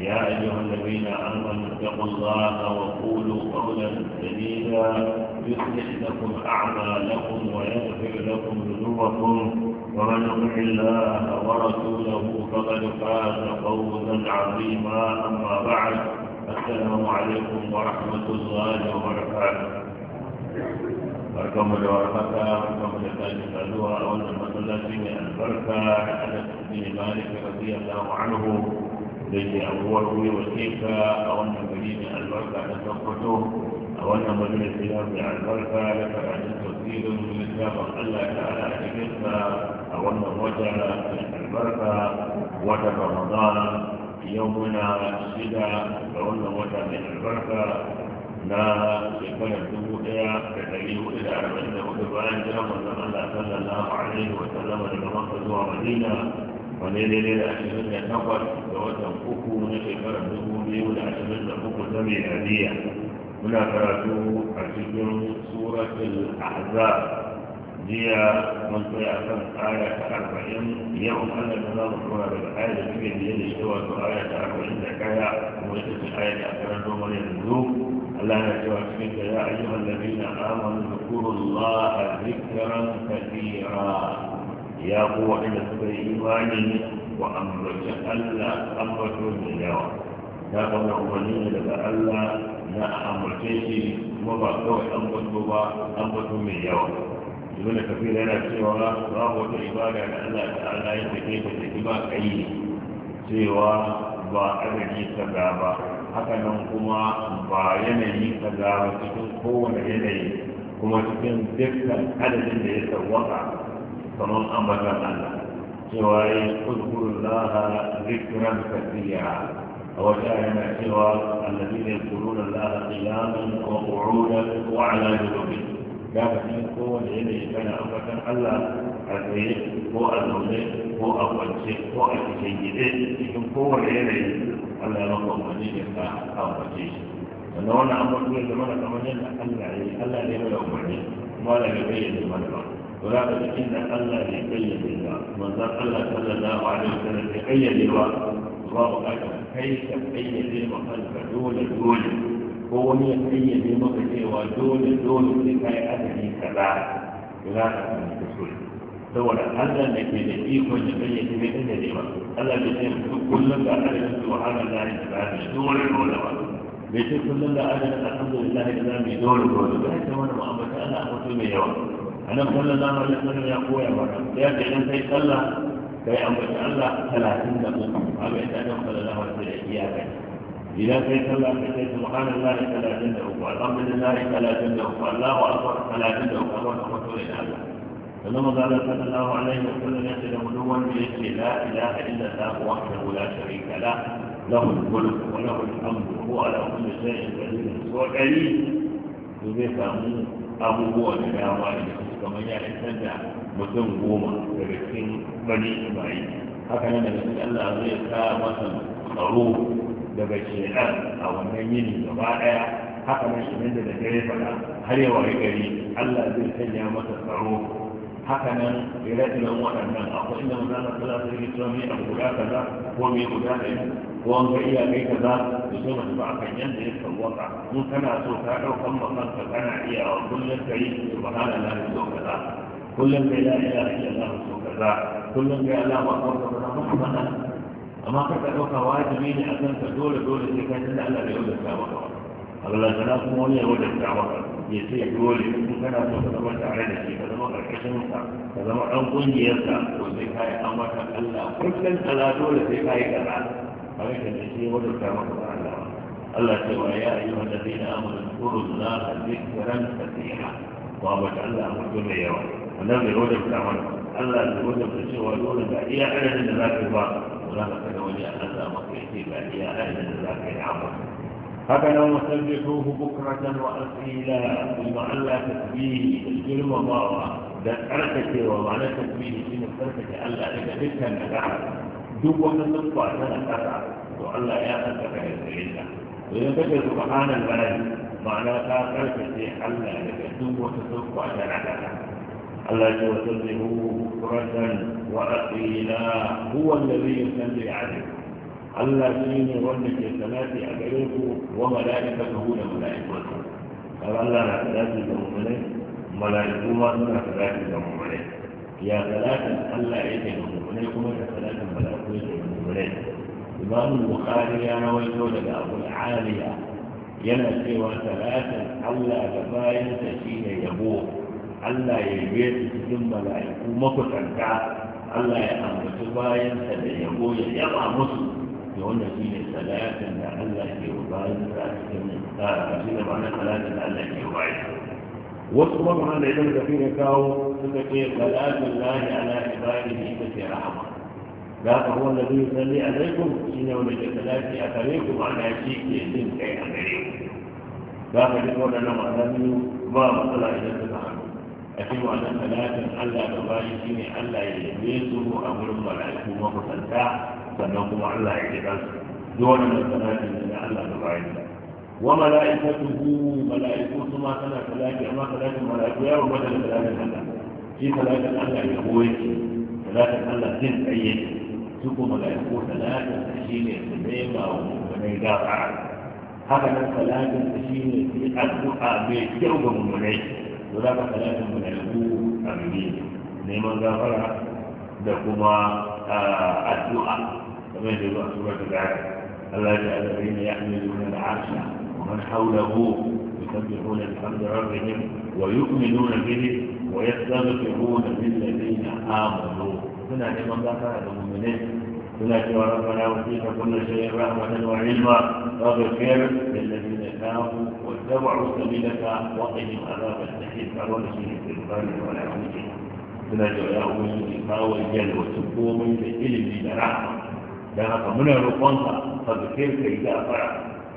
يا أيها الذين آمنوا اتقوا الله وقولوا قولا سديدا يصلح لكم أعمالكم ويغفر لكم ذنوبكم ومن يطع الله ورسوله فقد فاز فوزا عظيما أما بعد السلام عليكم ورحمة الله وبركاته barkamu da warhaka barkamu da sake saduwa a wannan masallaci mai albarka da ana cikin الذي أبوه وكيف أو أن مدينة البركة تسقطه أو أن مدينة الإسلام على البركة لك أن تزيد من الإسلام ألا تعالى أجلس أو أن وجل البركة وجب رمضان يومنا الشدة أو أن وجل البركة لا يكون الدموية كتليه إلى أربعين وكبعين جرم الله صلى الله عليه وسلم لمنصد ومدينة wani daidai da ashirin da takwas ga watan uku na shekarar dubu biyu da ashirin da uku ta miladiya muna karatu a cikin suratul ahzab jiya mun tsaya a kan aya ta arba'in yau allah ta zama kuma daga aya da suke biye da ita wato aya ta arba'in da kaya kuma ita ce aya ta karan domin yanzu allah na cewa cikin ta ya ayyuhan ladina amanu zikrullaha zikran kathira ya ku waɗanda suka yi imani wa ambaci Allah ambato da yawa ko kama umarni daga Allah na ambace shi kuma ba kawai ambato ba ambato mai yawa ibn kafir yana cewa babu wata ibada da Allah ta'ala ya take ta take ba kai cewa ba adadi kaza ba haka nan kuma ba yanayi kaza ba cikin kowane yanayi kuma cikin dukkan adadin da ya sawwaka فمن أمر الله سواي اذكر الله ذكرا كثيرا هو شاهد سوى الذين يذكرون الله قياما وقعودا وعلى جنوبهم كما يقول ان كان امرك الله عزيز هو المؤمن هو اول شيء هو قوة يقول ان الله لهم مليك الله او مجيد فنون امرك يا زمان كمان الله الله لهم ما لا يبين لمن الله ولكن إن الله يقيد الله وذا الله صلى الله عليه وسلم يقيد الله الله أكبر كيف قيد المخلف دون دون هو يقيد المخلف ودون دون لكي أدري كذا ولكن من الرسول دولة هذا الذي يجيك ويقيد من أدري الله يقيد كل ما أدري سبحان الله تعالى دون دون بيجي كل ما أدري الحمد لله إلا بدون دون بحيث وأنا ما أمتأنا أمتني يوم annabi sallallahu alaihi kuma ya koya ba ya ce idan kai sallah kai ambaci Allah 30 da uku haka ita annabi sallallahu alaihi da ya kai idan kai sallah kai sai subhanallahi 30 da uku alhamdulillahi 30 da uku Allahu akbar 30 da uku Allahu akbar da Allah sannan maza Allah sallallahu alaihi wasallam ya ce da mu duk la ilaha illa Allah wahdahu la sharika la lahu al-mulk wa lahu al-hamdu wa huwa ala kulli shay'in qadir so kai to zai samu abubuwa da dama ne kamar ya isar da mutum goma daga cikin bari isma'il haka nan daga cikin allah zai sa masa tsaro daga shekar a wannan yini gaba daya haka nan idan da dare fara har yawa gari allah zai sanya masa tsaro haka nan ire-iren waɗannan akwai inda mu zana kula da yake cewa mai guda guda kaza ko mai guda ɗaya ko an ga iyakai kaza da so mace ba a kan yadda ya sauwaka Mun kana so ka ɗaukan ka kana iya wa kullum ka yi su na da so kaza kullum ka yi la ilaha illallah su so kaza kullum ka yi alama a kan kaza ba kuma mana amma ka ka ɗauka wajibi ne a kan ka dole dole sai ka tunda Allah da yau da ta maka ba Allah ta kuma wani yau da ta maka ya ce dole in kana so ka zama tare da shi ka zama karkashin sa ka zama ɗan ƙungiyarsa sa to sai kai ambatan Allah kullun kaza dole sai kai kaza kawai kan shi wajen ta maka Allah Allah ce wa ya ayyuha alladhina amanu zkuru Allah dhikran katira wa ba ta Allah mutum dole yawa wannan bai wajen ta mana Allah bai wajen ta cewa dole ga iya adadin da za zaka ba za ka kada wani Allah maka yake ga iya adadin da za zaka yi amma هكذا وسبحوه بكرة وأصيلا بمعنى تسبيه الجرم وضاوة ده تركك ومعنى تسبيه إن تركك ألا إذا بك النجاح دوب أن تطبع سنة تسعة وألا يا أنت فهي إلا وإذا بك سبحان الله معنى تركك ألا إذا دوب أن تطبع سنة تسعة الذي وسبحوه بكرة وأصيلا هو الذي يسلي عليكم ألا تجيني ظن في السماء أجلوك وملائكة هنا ملائكة قال الله لا ثلاثة لهم ملائكة الله ثلاثة لهم ملائكة يا ثلاثة ألا إيدين لهم ملائكة ثلاثة ملائكة لهم إمام البخاري أنا ويزول أبو العالية ينا سوى ثلاثة ألا تباين تشين يبوه ألا يبيت تجم ملائكة مكتن كعب ألا يأمر تباين تشين يبوه يبقى مسلم wannan shi ne salatin da Allah ke bayan da ake cikin a ah, shi da ma'anar salatin da Allah ke bayan wasu kuma da idan tafi da kawo suka ce salatin lahi ala ibadi ne ita ce rahama da haka da zai salli alaikum shi ne wanda ke salati a kare ku ma'ana shi ke jin kai a gare ku da haka da waɗannan ma'ana biyu ba matsala idan suka hannu a cikin wannan salatin Allah da bayan shi ne Allah ya yabe su a wurin mala'iku makusanta sannan kuma Allah ya ji kansu duk wannan salati ne na Allah da bayan sa wa mala'ikatuhu mala'iku su ma tana salati amma salatin mala'iku ya rubuta da salatin Allah shi salatin Allah ya koyi salatin Allah jin tsaye su kuma mala'iku salatin shi ne su nema wa mummunai gafara haka nan salatin shi ne su yi addu'a mai kyau ga mummunai to za ka salatin mala'iku a neman gafara da kuma ah, addu'a كما يجب أن سورة ألا جاء الذين يحملون العرش ومن حوله يسبحون بحمد ربهم ويؤمنون به ويستغفرون للذين آمنوا هنا لمن ذكر المؤمنين ولكن ربنا وفيك كل شيء رحمة وعلما فاغفر للذين تابوا واتبعوا سبيلك وقهم عذاب الجحيم فأول شيء في القرن ولا يعود suna من yawon kawo yalwa su komai da dan haka muna roƙonka ka zuke ka yi gafara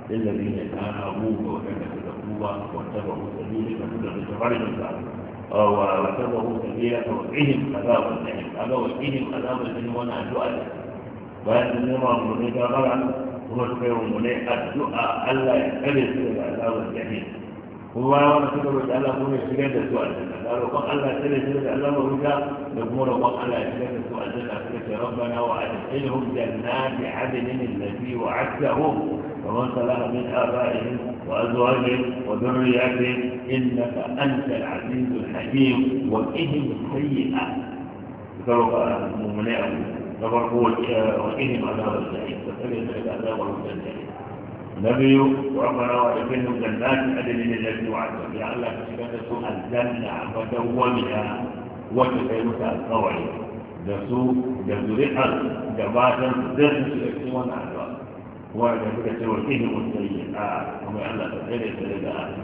lillazi zai ta hagu ga waɗanda suka ta wata ba musa ne ka suka zuke farin ka wata ba musa ne ya ka wakihin azabar da ne kaga wakihin azabar da ne wani addu'a ne bayan sun nema mummune gafara kuma suka yi mummune addu'a Allah ya kare su daga azabar da ne هو وانا كده بتقال اقوم اجتناد السؤال ده قالوا فاق على اسئلة سيدة الله وهذا نجمور فاق على اجتناد السؤال ده قالت يا ربنا وادخلهم جنات عدن الذي وعدتهم ومن لها من ابائهم وازواجهم وذرياتهم انك انت العزيز الحكيم وبهم السيئه قالوا المؤمنين فبقول وإنهم عذاب الجحيم فسجد لك عذاب الجحيم na biyu ko amara wa da kan nuna na fi adali ne na biyu a tafi Allah ka shiga da su aljanna a madan wamiya wata kai musu alkawari da su da zuri'ar da batan su zai su shiga cikin wani alwa da suka ce wa ihi musayi a kuma Allah ka tsaye da ke da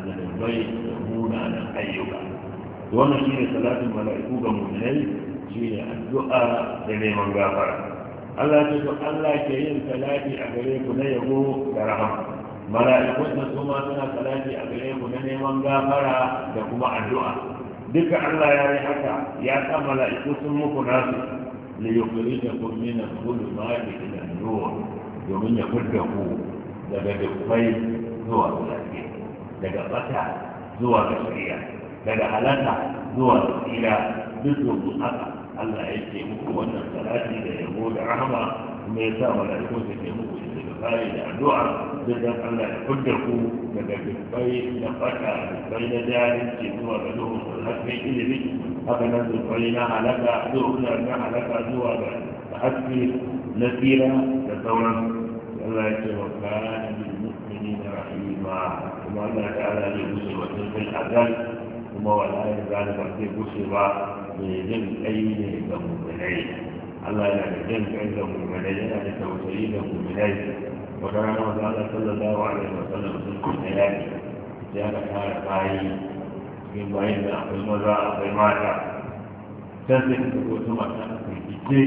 da da bai da munanan ayyuka wannan shi salatin mala'iku ga mummai shi ne addu'a da neman gafara Allah ce to Allah ke yin salati a gare ku na yabo da rahama mala'ikun da su ma suna salati a gare ku na neman gafara da kuma addu'a duka Allah ya yi haka ya sa mala'iku sun muku nasu li yukhrijakum min adh-dhulumati ila an-nur domin ya fudda ku daga dukkai zuwa lafiya daga bata zuwa ga shari'a daga halaka zuwa tsira duk domin haka Allah ya ce muku wannan salati da yabo da rahama kuma ya sa mala'iku su ke muku da istighfari da addu'a duk dan Allah ya kudda ku daga dubbai na fata dubbai na jahilci zuwa ga duhun hasken ilimi haka nan dubbai na halaka duhun na halaka zuwa ga haske na tsira da sauran Allah ya ce wa kana lil mu'minina rahima kuma Allah ta'ala ne musu wa tilkal azal kuma wallahi zalika zai gushe ba mai jin kai ne ga mu'minai Allah yana da jin kai ga mu'minai yana da tausayi ga mu'minai wata rana wata Allah sallallahu alaihi wa sallam sun kuma yaki ya ka tara bayi cikin bayin da akwai maza akwai mata can sai ka zo ta mata a firgice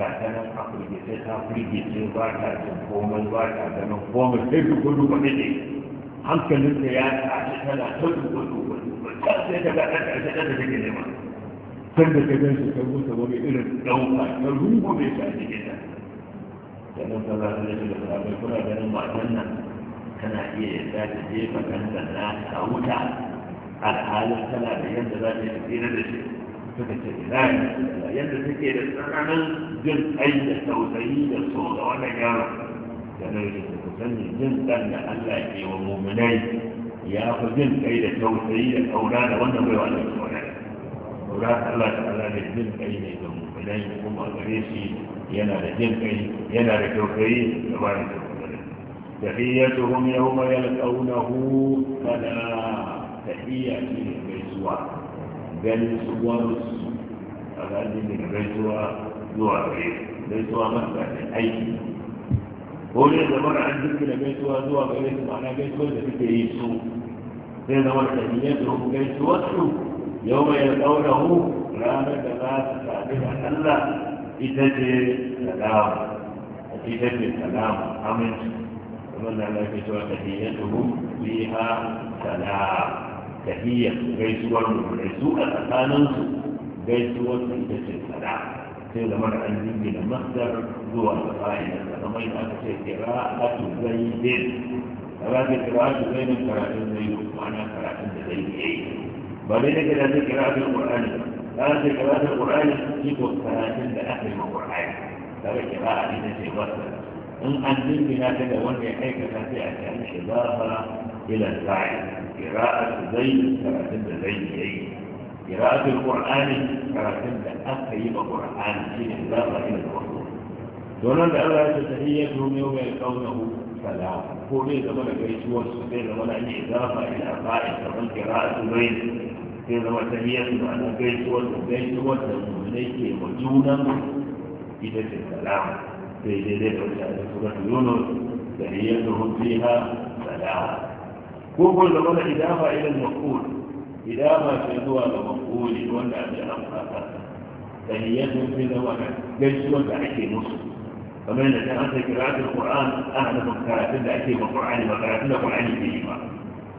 ga ta nan a firgice ta firgice ba ta cin komai ba ta ganin komai sai duk gudu ba ne hankalinta ya tashi tana ta duk gudu sai ka ga ɗan da ta nema san da ka gan shi ka gusa wani irin ɗauka ka rungu mai shi a cikin ta sannan ka za ka da shi da sabai kuna ganin matan nan tana iya yadda ta jefa kanta na a wuta alhalin tana da yadda za ta yi tsira da shi suka ce ilahi yadda ta ke da tsananin jin kai da tausayi da so ga wannan yaron sannan shi ta sani jin ɗan da Allah ke wa muminai ya fi jin kai da tausayi da kauna da wannan baiwa da kauna kauna Allah ta Allah ne jin kai ne da mu idan kuma gare shi yana da jin kai yana da tausayi da ba da tausayi tahiyyatuhum yawma yalqawnahu fala tahiyyatu gaisuwa gaisuwar su a gani gaisuwa zuwa gare gaisuwa masa da aiki ko ne zama an jirgin da gaisuwa zuwa gare su ma'ana gaisuwar da suke yi su sai zama tabiyyar da ku wasu. yau mai ɗaurahu ranar da za su sami da Allah ita ce salamu ita ce salamu aminci kamar da Allah ke cewa tabiyyar da ku fiha salamu tabiyyar gaisuwar mu gaisu a tsakaninsu gaisuwar su ita ce salamu sai zama da an jingina masdar zuwa da fa'idar da kamar da aka ce kira a zai فبعد القراءات بين القراءتين زي معنى قراءتين زي بعدين كده عندك قراءة القرآن قراءة قراءة القرآن تجيب قراءتين لأهل القرآن فبعد قراءة دي شيء مثلا إن أنزل بها كده وأن يحيك فاتي أكان إضافة إلى الفاعل قراءة زي قراءتين زي قراءة القرآن قراءتين لأهل القرآن في إضافة إلى الوصول دون أن الله تتهيئ يوم يلقونه السلام هو ليه زمان كريش وصف ليه زمان أن إضافة إلى قائد زمان قراءة بين ليه زمان تهيئة أنا كريش وصف كريش وصف مليك وجونا إذا السلام في جديد وسائل سورة يونس تهيئتهم فيها سلام هو كل زمان إضافة إلى المفعول إضافة في هو المفعول وأن أبي أمرها تهيئتهم في زمان كريش وصف أحكي فمن أنت قراءة القرآن أهل من قراءة الأكيد والقرآن وقراءة القرآن فيهما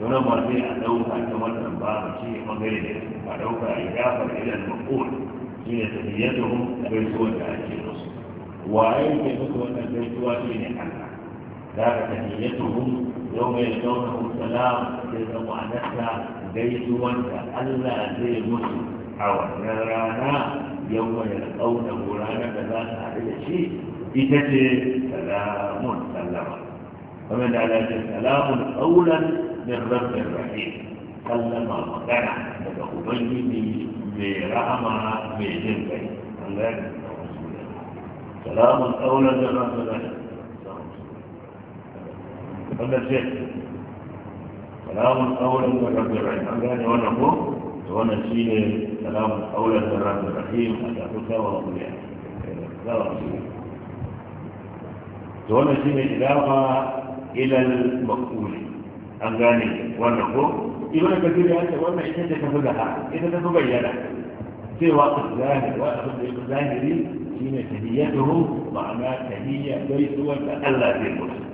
ونما في أنه أنت من أنبار شيء غير ذلك ولو فإذا إلى المقول حين تبيتهم بيسود أجل نصر وأين تبيتوا أن بيسوا في نحن ذاك تبيتهم يوم السلام سلام إذا معنتها بيسوا كألا زي المسلم أو نرانا يوم يلقونه رانا فلا هذا الشيء بيتي سلام سلام فمن على السلام أولا للرب الرحيم سلم مدنا لدخو بني ميرامة ميزين بي سلام أولا للرب الرحيم سلام فمن الرحيم سلام أولا للرب الرحيم أنا يعني وانا هو وانا سلام أولا للرب الرحيم أتاكوك وأقول يا سلام دون جن إضافة إلى المقبول أنغاني ونقول إذا كثير أنت وما احتجت فلها إذا تتبين في واقف ظاهر واقف ظاهر جن تهيته معنى تهية بيت ولا ألا في المسلم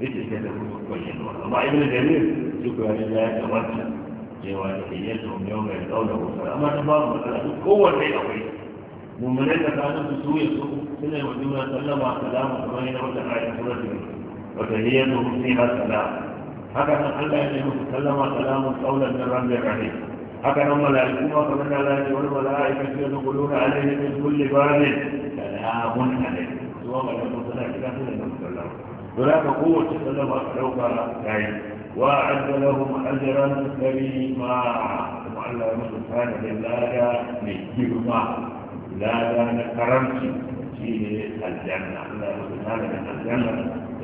ليس كذا مبين والله ابن جرير شكرا لله تواجه جواد حياتهم يوم يلقونه سلامة الله وسلامة قوة بين أخيه mummunai da kanin su su ya su suna yi wa juna sallama salama kamar yana wata ayin surat ne wata hiyar da mutum ya salama haka nan Allah ya nemi su sallama salamun tsaunan na ramin rahim haka nan mala'iku ma kamar da Allah ya ce wani mala'ika ce da kuluna alaihi min kulli barin salamun Su zuwa mala'iku suna kira su da nan sallama don haka kowace sallama ka ɗauka ta yi وأعد لهم أجرا كريما وعلى من كان لله نجيب معه lada na karanci shi ne aljanna Allah ya da daga aljanna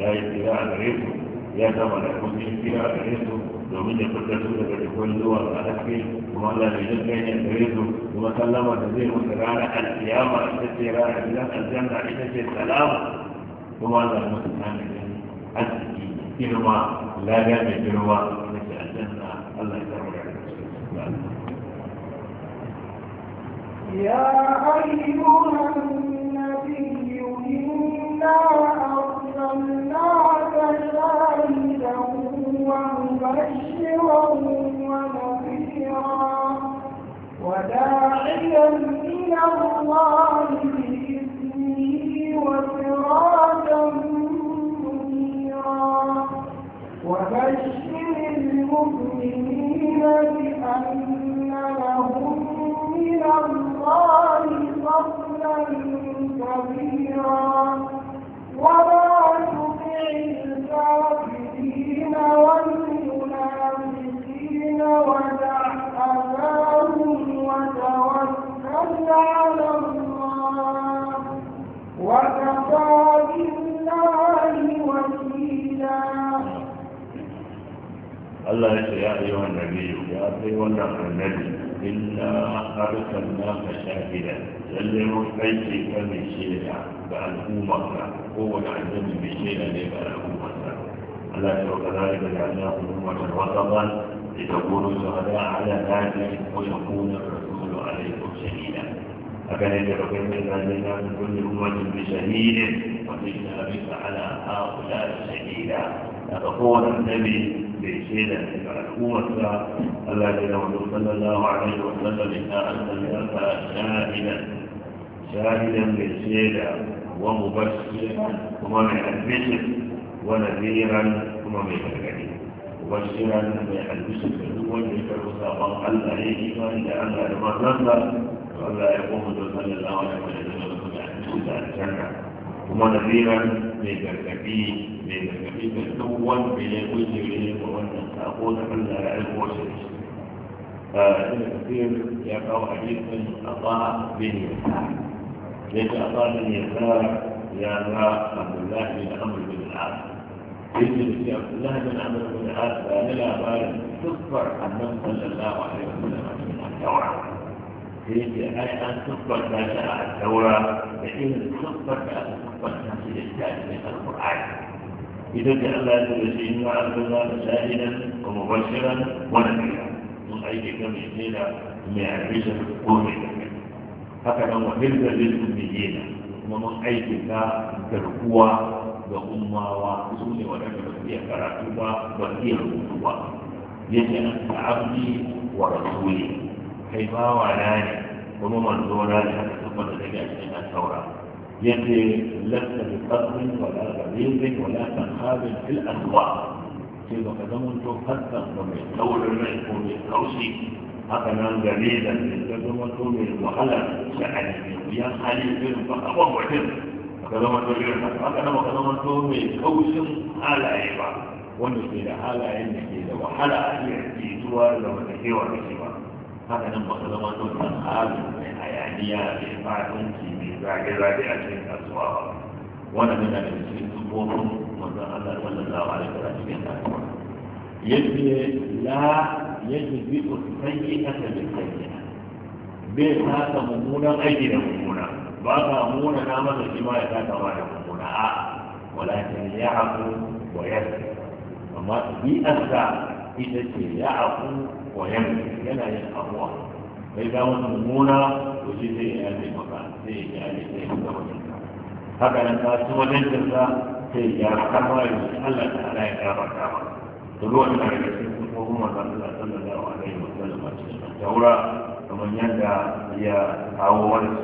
ya yi kira a gare su ya zama da kuma yin kira a gare su domin ya fitar su daga dukkan zuwa ga alaƙi kuma Allah ne yi kai ne gare su kuma sallama da zai mutu ranar alkiyama ita ce rana, gidan aljanna ita ce salama kuma Allah ya mutu ranar arziki girma lada mai girma ita ce aljanna Allah ya يا أيها النبي إنا أرسلناك شاهدا ومبشرا ونذيرا وداعيا إلى الله بإذنه وسراجا منيرا وبشر المؤمنين بأن لهم من الله Allah ya ce ya ayyuhan nabiyyu ya sai wannan annabi إنا أرسلناك شاهدا للي مفعيتي كم الشيء بألهومك هو العزم بشيء لبألهومك ألا وكذلك جعلناكم أمة وسطا لتكونوا شهداء على ذلك ويكون الرسول عليكم شهيدا فكان يتبقى من ذلك من كل أمة بشهيد وجئنا بك على هؤلاء شهيدا فتقول النبي mai shaida daga al'ummarsa Allah ya gama sallallahu alaihi wa sallam ina arsalnaka shahidan shahidan mai shaida wa mubashiran kuma mai albishir wa nadiran kuma mai gargadi mubashiran mai albishir da duk wanda ya karɓi sabon Allah ya yi imani da Allah da manzansa to Allah ya gama duk sallallahu alaihi wa sallam da aljanna kuma nadiran mai gargadi mai gargaɗi da duk wanda ya guje ne ga wannan sako da Allah ya aiko shi da shi ina kafir ya kawo hadisin aba bin yasa ya ce aba bin yasa ya ga abdullahi da amur bin al'ad yake da shi abdullahi bin amur bin al'ad ba ni labarin siffar annan sallallahu alaihi wasallam a cikin al'awar yake ai an siffar ta shi a al'awar da irin siffar da aka siffar ta shi da shi a cikin al'ur'ani idan ya Allah ya tabbata shi ina Allah da shahida ko mubashiran wannan ne mun aike ga mai jira mai arisha ko mai daga haka nan wa hilda lil ummiyin kuma mun aike ga garkuwa ga ummawa su ne wadanda ba su iya karatu ba ba su iya rubutu ba yake nan da abdi wa rasuli kai bawa na ne kuma manzo na ne haka tabbata daga cikin nan saurawa يعني لست بقدر ولا غريب ولا تنخاب في الأسواق كيف قدمت حتى قمت لو لم يكن الكوسي هكذا غليظا قدمت من وهلا شأن يا خليل فقوم وحده قدمت من هكذا وقدمت من كوس على عيبا ونسي لها لا علم وحلا يأتي سوى لو تكيوا بسوى هكذا وقدمت من هذا الحيانية في بعض zage-zage a cikin kasuwa ba ne yana da cikin tsofaffin wanda Allah sallallahu alaihi da sallam cikin kasuwa yadda la yajzi sayyi'ata bi sayyi'ata bai ta mummunan aiki da mummuna ba ka mummuna na masa shi ma ya ta ta da mummuna a walakin ya haku wa yanzu amma asa ita ce ya haku wa yanzu yana yin abuwa bai ga wani mummuna to shi zai yi maka sai ya yi ta kyale sai ya haka nan kasuwancin sa sai ya gyara kama ya shi Allah ta ala ya gyara kama to ruwan ta ya ce sun ko kuma zan da sallallahu alaihi wa sallam a cikin taura kamar yadda ya kawo wani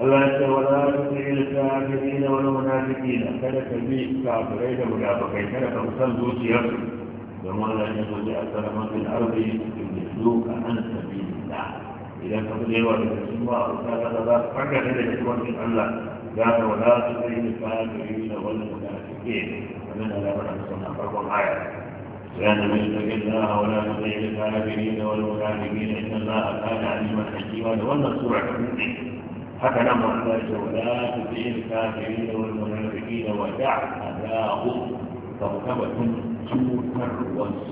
Allah ya ce ta wala da kafirin wal munafiqin kada ka bi kafirai da munafikai kada ka san zuciyarsu domin Allah ya zo da asalama bil ardi yusuka an sabilillah idan ka fi yawa daga cikin ba a kusa da za su farga ne daga tuwancin Allah za ka wada su zai yi kayan da yi da wani da suke kamar da labar da suna farkon aya ya da mai tsakin da a wada su zai yi kayan da yi da wani da suke da ita za a kada a neman hakiwa da wannan sura ta buɗe haka nan ma Allah ya wada su zai yi kayan da yi da wani da suke da wada a da'u ka mutabatun cutarwarsu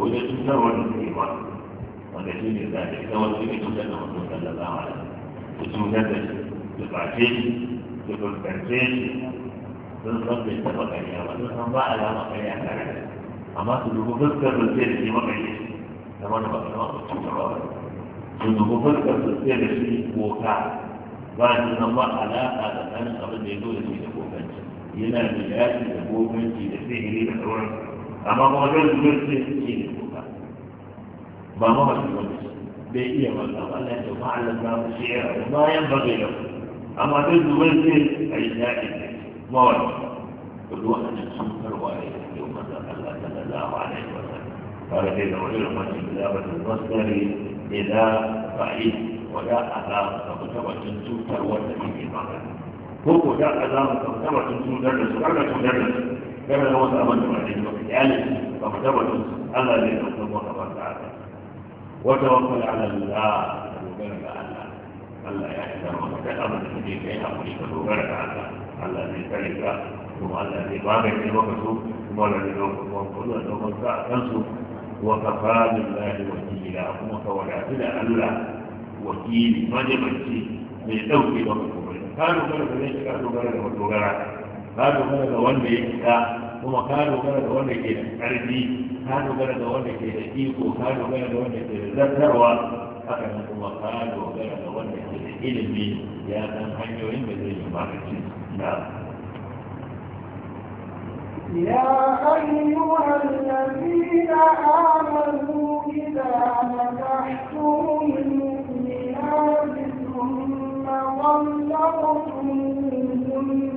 wajen cutarwar da suke ba ولكن ذلك هو الذي يجعل الرسول صلى الله عليه وسلم يجمد بالبعثين بالبعثين بالضبط يتفق عليها ولكن ضاع لها مقاليها فعلا أما تدوه بذكر بالسير في وقعه لما نبقى نبقى نبقى تدوه بذكر بالسير في وقع بعد أن الله على هذا الآن قبل يدوه في دفوه إلى مجال دفوه في دفوه في دفوه أما موجود بذكر في دفوه ba ma ba ba bai iya wanda Allah ya ma Allah ta mu shi'a ma yan ba bai lau amma dai zuwa sai ai daɗi ma wani to duk wannan sun farwa ne yau manzo Allah sallallahu alaihi wa sallam قال في العلم كتابة المصدر إذا رأيت ولا أذى فكتبة توتر وتبين المعنى هو لا أذى فكتبة توتر وتبين المعنى كما لو أمن عليه وكتابة فكتبة أذى لأنه wata wakil ala lura dogara ga Allah Allah ya yi zama da kan abin da suke kai haƙuri ka dogara ga Allah Allah zai kare ka kuma Allah zai magance maka su kuma da zai ɗaukar kuma kuma da ɗaukar ka a kansu wa kafa billahi kuma ka wadatu da Allah wakili majalanci mai ɗauke maka kuma ka dogara ga zai shiga dogara ga dogara ka dogara ga wanda ya shiga kuma ka dogara da wanda ke da ƙarfi ka dogara da wanda ke da iko ka dogara da wanda ke da zartarwa haka nan kuma ka dogara da wanda ke da ilimi ya san hanyoyin da zai yi magaci na يا أيها الذين آمنوا إذا نكحتم المؤمنات ثم طلقتموهن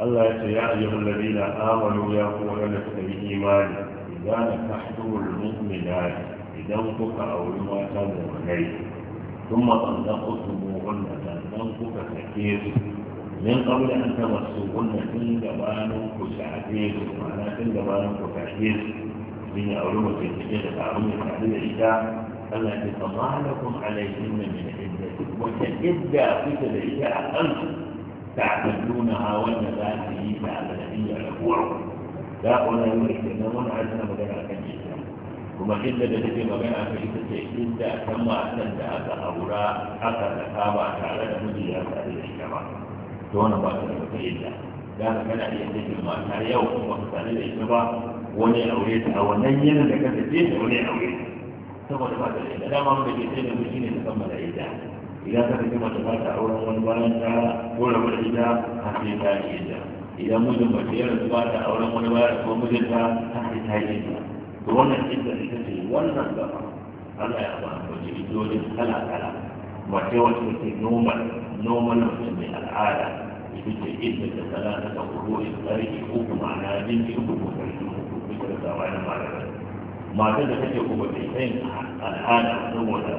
الله يا أيها الذين آمنوا يا قولنا بالإيمان إذا نكحتم المؤمنات إذا انفك أو لما تنوي ثم طلقتموهن تنفك تكيد من قبل أن تمسوهن عند بانك تعديل معناه عند بانك تعديل من أولوة تجد تعلم تعديل إيتام Allah ya fa malakum alaihim min iddah wata idda kuke da ita a kansu ta'taduna ha wanda za su yi ta alladiyya rabuwa da ona yake kenan wannan ajina magana akan ita kuma idda da take magana akan ita ce idda kan matan da aka aura aka saka ba tare da miji ya tare da ita ba to ba da da ka iya cikin mata yau kuma ka da ita ba wani aure ta a wannan da da wani aure saboda ba da ita dama da ke sai da mu shine ta kammala ita idan ka tafi mata ba ta auren wani bayan ta ko rabu ita har sai ta yi idan mijin ba ta yarda ba ta auren wani bayan ko mijin ta har sai ta to wannan ita ita ce wannan gaba Allah ya ba mu jidodin kala kala wace wace ce normal normal wace mai al'ada ita ce idda ta talata ta kuro in tsarki uku ma'ana jinki uku ko tsarki uku ko da zawa na malamai matar da take kuma da yin al'ada saboda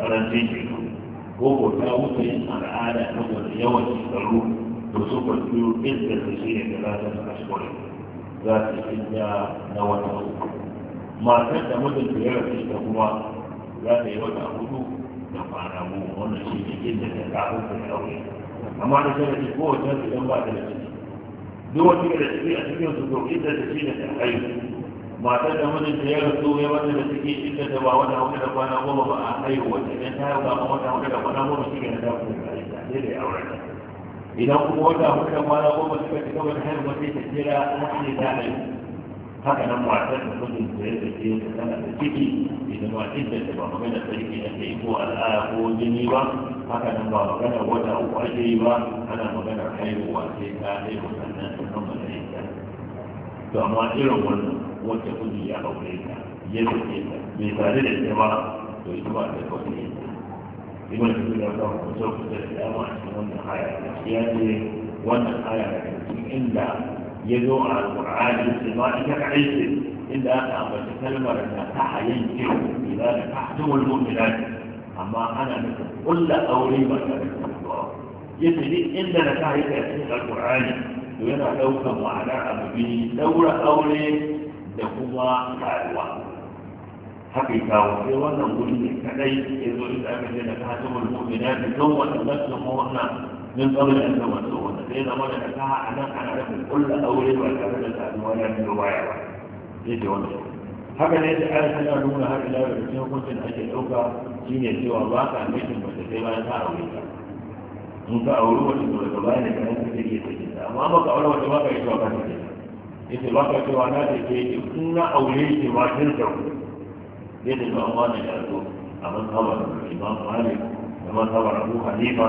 karanci eh, shekaru ko ko ta wuce yin al'ada saboda yawan shekaru to su kwanciyo inda su shi ne da za ta kashe kwarai za ta shiga na wata uku matar da mutum ya rasu ta kuma za ta yi wata hudu da fara mu wannan shi ne inda ta kafin ta aure amma da sharafi kowace idan ba ta da ciki duk wani da shi a cikin su to inda ta shi ne ta haihu matar da mijinta ya rasu ya wata da suke inda da ba wata wata da kwana goma ba a haihu wata idan ta yi ba wata wata da kwana goma shi ne da ku ne da auren idan kuma wata wata da kwana goma suka cika kawai haihu wata ta kira haske ta haihu haka nan matar da mijinta ya rasu ta tana da ciki idan ma inda ta ba kuma da sarki da ke ko al'ada ko jini ba haka nan ba magana wata uku ake yi ba ana magana haihuwa sai ta haihu sannan ta kammala ita to amma irin wannan wacce kudi ya aure ta ya rike ta mai tare da ita ba to ita ba ta kawai ne ibn Jibril ya kawo ku sau kusa da dama a cikin wannan aya gaskiya ne wannan aya daga cikin inda ya zo a alƙur'ani sai ma ita kaɗai ce inda aka ambaci kalmar da ta hayan kyau ila da ta hajjawar mu'minati amma ana nufin ƙulla aure ba tare da ba yadda duk inda na ta haika cikin alƙur'ani to yana ɗaukar ma'ana abu biyu ɗaura aure da kuma faruwa haka ta wuce sai wannan gudun ne kadai ke zo da aka ce da ka katamul mu'mina da kan wannan nasu ko wannan min da an tawaddu wanda sai zama da ka a nan ana da kullu aure ba tare da saduwa ya biyo baya ba yadda wannan haka ne da ayat tana nuna har ila da cikin hukuncin ake dauka shine cewa ba ka mijin ba sai bayan ta aure ta in ka aure wata to daga bayan da ka yanka take ta. amma ba ka aure wata ba ka yi ba ka take yake ba ka cewa na da ke na aure shi ma jin da ku yadda ba ma da yazo a mazhabar imam malik da mazhabar abu hanifa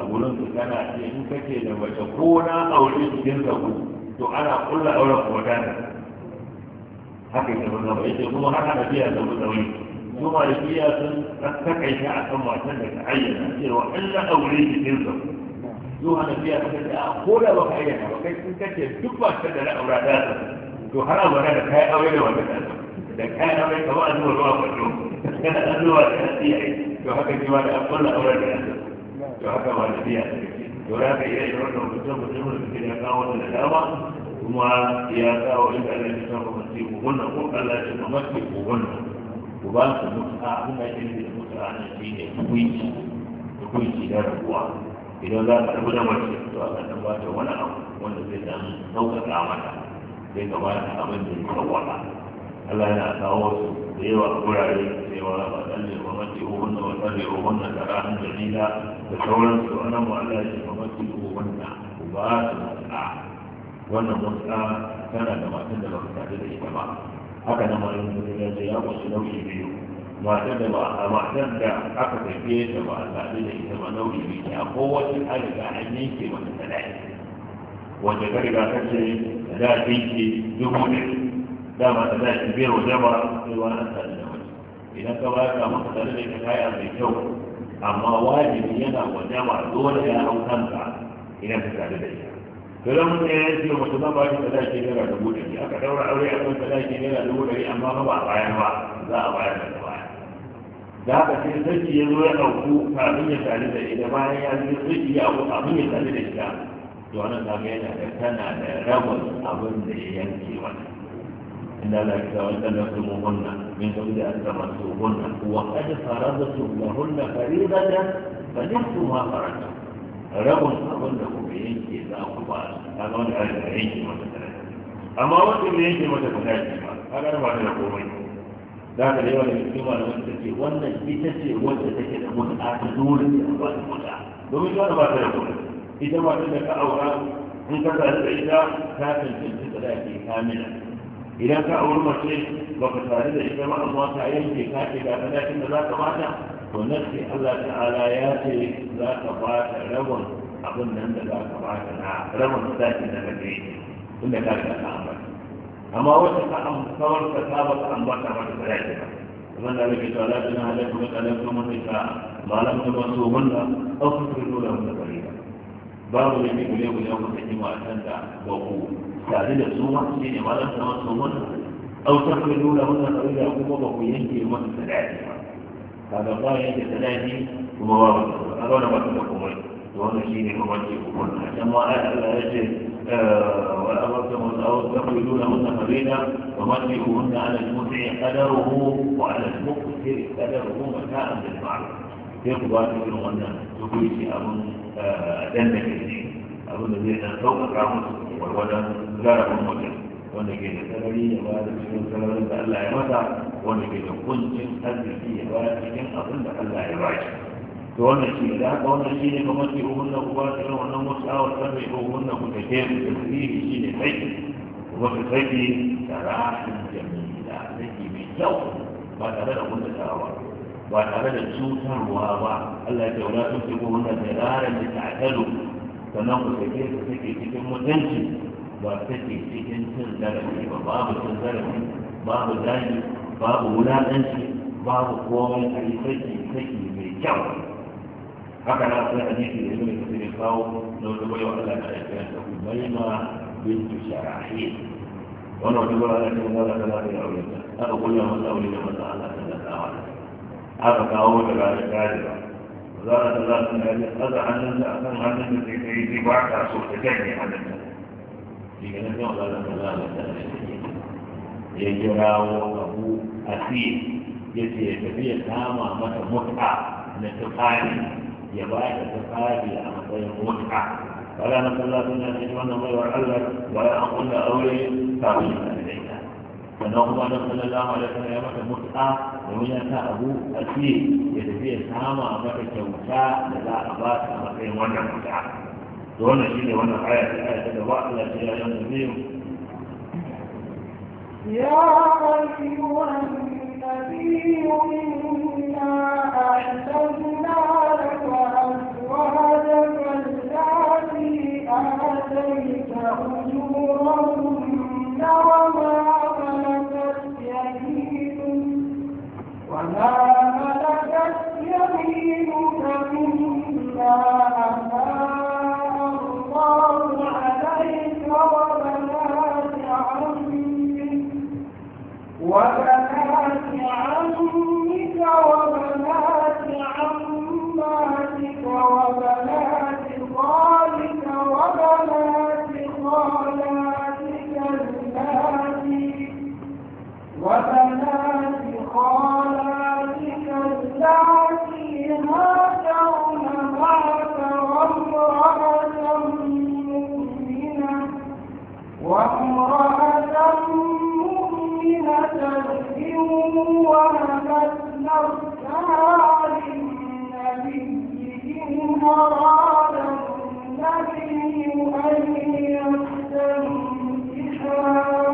a gurin su kana ce in kake da mace ko na aure shi jin da ku to ana kulla aure ku wadana haka yake mazhabar yake kuma haka da biya da mutawai su malikiya sun takaita a kan matan da ta ayyana cewa in na aure shi jin da ku zuwa na biya ka da ko da ba ka ayyana ba kai sun kace duk ba ka da na aura da to har abada da kai aure da wanda ka da kai aure ka ba zuwa ruwa kwallo kana da zuwa da asiya to haka ji ma da abdullahi aure da to haka ba da biya to da ka iya yi wannan mutum mutum da ke da kawo da dama kuma ya kawo inda Allah ya san kuma sai ku wannan ko Allah ya san mace ku wannan ku ba su mutu'a kuma yin da mutu'a ne shine kuici kuici da ruwa idan za ka tafi da mace to a kan ba ta wani abu wanda zai dan sauƙaƙa mata zai gaba da abin da ya kawaka Allah yana kawo wasu da yawa a gurare cewa ba tsalle ba mace uku na uhunna wa tsalle uhunna da ranar jamila da sauransu a nan ba Allah ya ba mace uhunna ku ba su mutsa wannan mutsa tana da matan da ba su tare da ita ba haka nan ma yin mutum ya ce ya ƙunshi nau'i biyu matar da ba matar da aka tafiye da ba a zaɓi da ita ba nau'i ne ta kowace ta riga an yanke mata sadaki wanda ta riga ta ce sadaki ke dubu ne dama sadaki biyar waje ba sai wani an sadu da wani idan ka ba ka maka tare da ita kaya mai kyau amma wajibi yana waje ba dole ya hau kanka idan ka sadu da ita idan mutum ya yanke mutum ba shi sadaki naira dubu ɗari aka daura aure a kan sadaki naira dubu ɗari amma ba a bayan ba za a bayar da baya da aka ce sarki ya zo ya ɗauku kafin ya tare da ita bayan ya zo sarki ya abu kafin ya tare da ita to wannan kaga yana da tana da rabon abin da ya yanke wani inda za ka wani da lafi mu hunna min kabi da an zama su hunna wa fara da su da hunna da ba ne su ma da rabon abin da kuma yanke za ku ba a zama da ya yanke mata tare amma wanda ya yanke mata ba ta ce ba kaga ba da komai za ka rewa da cikin malamin ta ce wannan ita ce wanda take da mut'a ta dole ne a ba ta mut'a domin ita ba ta da dole ita ba ta da ka aura in ka sadu da ita ta cancanci da ke kamila idan ka auri mace ba ka tare da ita ba amma ka yanke ka ce ga sadakin da za ka bata to na ce Allah ta'ala ya ce za ka ba ta rabon abin nan da za ka bata na rabon sadakin da kake yi tunda ka ka amma wata ta kawar ta saba ta ambata ba ta tsaya ke ba da rike ta ala jina alaikum wa alaikum wa ta ba lam ta ba da wanda afiru da wanda bari babu ne ne gule gule wanda take ma san da ba ku tare da su ma shine Malam lam ta ba so wanda da ta firu da wanda bari da kuma ba ku yanke masa ke ba kaga ba yanke sadaki kuma ba ba ba ba ba ba وانا شيني أمجئكم كما أجل وأردتم تقبلونهن فبينا ومجئهن على المتع قدره وعلى المكسر قدره متاء بالمعروف يقضى تقبلونهن تقبلش أظن أدنى كثير أظن الذين سوق الرامس والولد جارهم وجد wanda ke da sarari ya ba da cikin sararin da Allah ya mata wanda to wannan shi da haka wannan shi ne kamar ce uhun na kuma ta irin wannan wasu awar ta mai uhun na kuma ke da tasiri shi ne sai kuma ta sai da ra'ayin jami'a zaki mai kyau ba tare da wanda tarawa ba tare da cutarwa ba Allah ya wala sun ce kuma da rarar da ta'adalu sannan ku sake su take cikin mutunci ba take cikin cin zarafi ba babu cin zarafi babu zagi babu wulaƙanci babu komai a yi saki saki mai kyau haka na sai hadisi da ibn kathir ya kawo na wata bayo Allah ta aika ta Umayma bint Sharahil wannan wata bayo Allah ta nuna da kana da aure ta aka kulla masa aure da manzo Allah sallallahu alaihi aka kawo da ranar gadiba za ta za ta gadi kaza hannun da akan hannun da zai kai zai ba ka so ta janye hannun ta shi ga nan yau da Allah sallallahu alaihi ya kirawo Abu Asir yace ya tafi ya kama mata mut'a na tufani يبعد الفقاتي عن طريق المنحة فلا نسأل الله أن يجمعنا الله ولا أقول لأولي فأولي فنقضى أن صلى الله عليه وسلم يمكى متعة ومن أنت أبو أسير يتفي السامة أمك الشوشاء لذا أباس أمك يمنع متعة دون شيء وانا حياة الآية تدعى إلى شيء يوم نبيه يا أيها النبي إنا أعزلنا لك وما ملكت يمينك الله عليك وبنات عمك وبنات عماتك وبنات ظالك وبنات وبنات خالاتك اللاتي هاجرن معك وامرأة مؤمنة وامرأة مؤمنة إن للنبي إن أراد النبي أن يستنكحها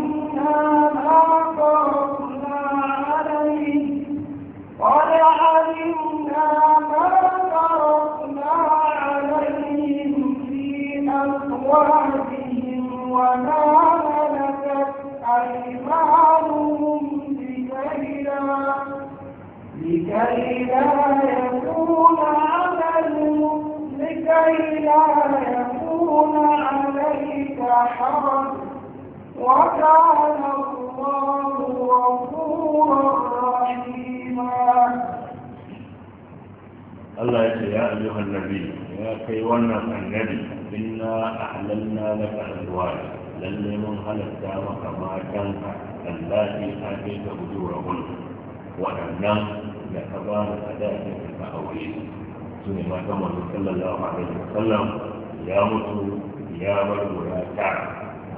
آتيت أجورهن وأنا لتبان أداة فأولي سنة كما صلى الله عليه وسلم يا متو يا ولد يا كعب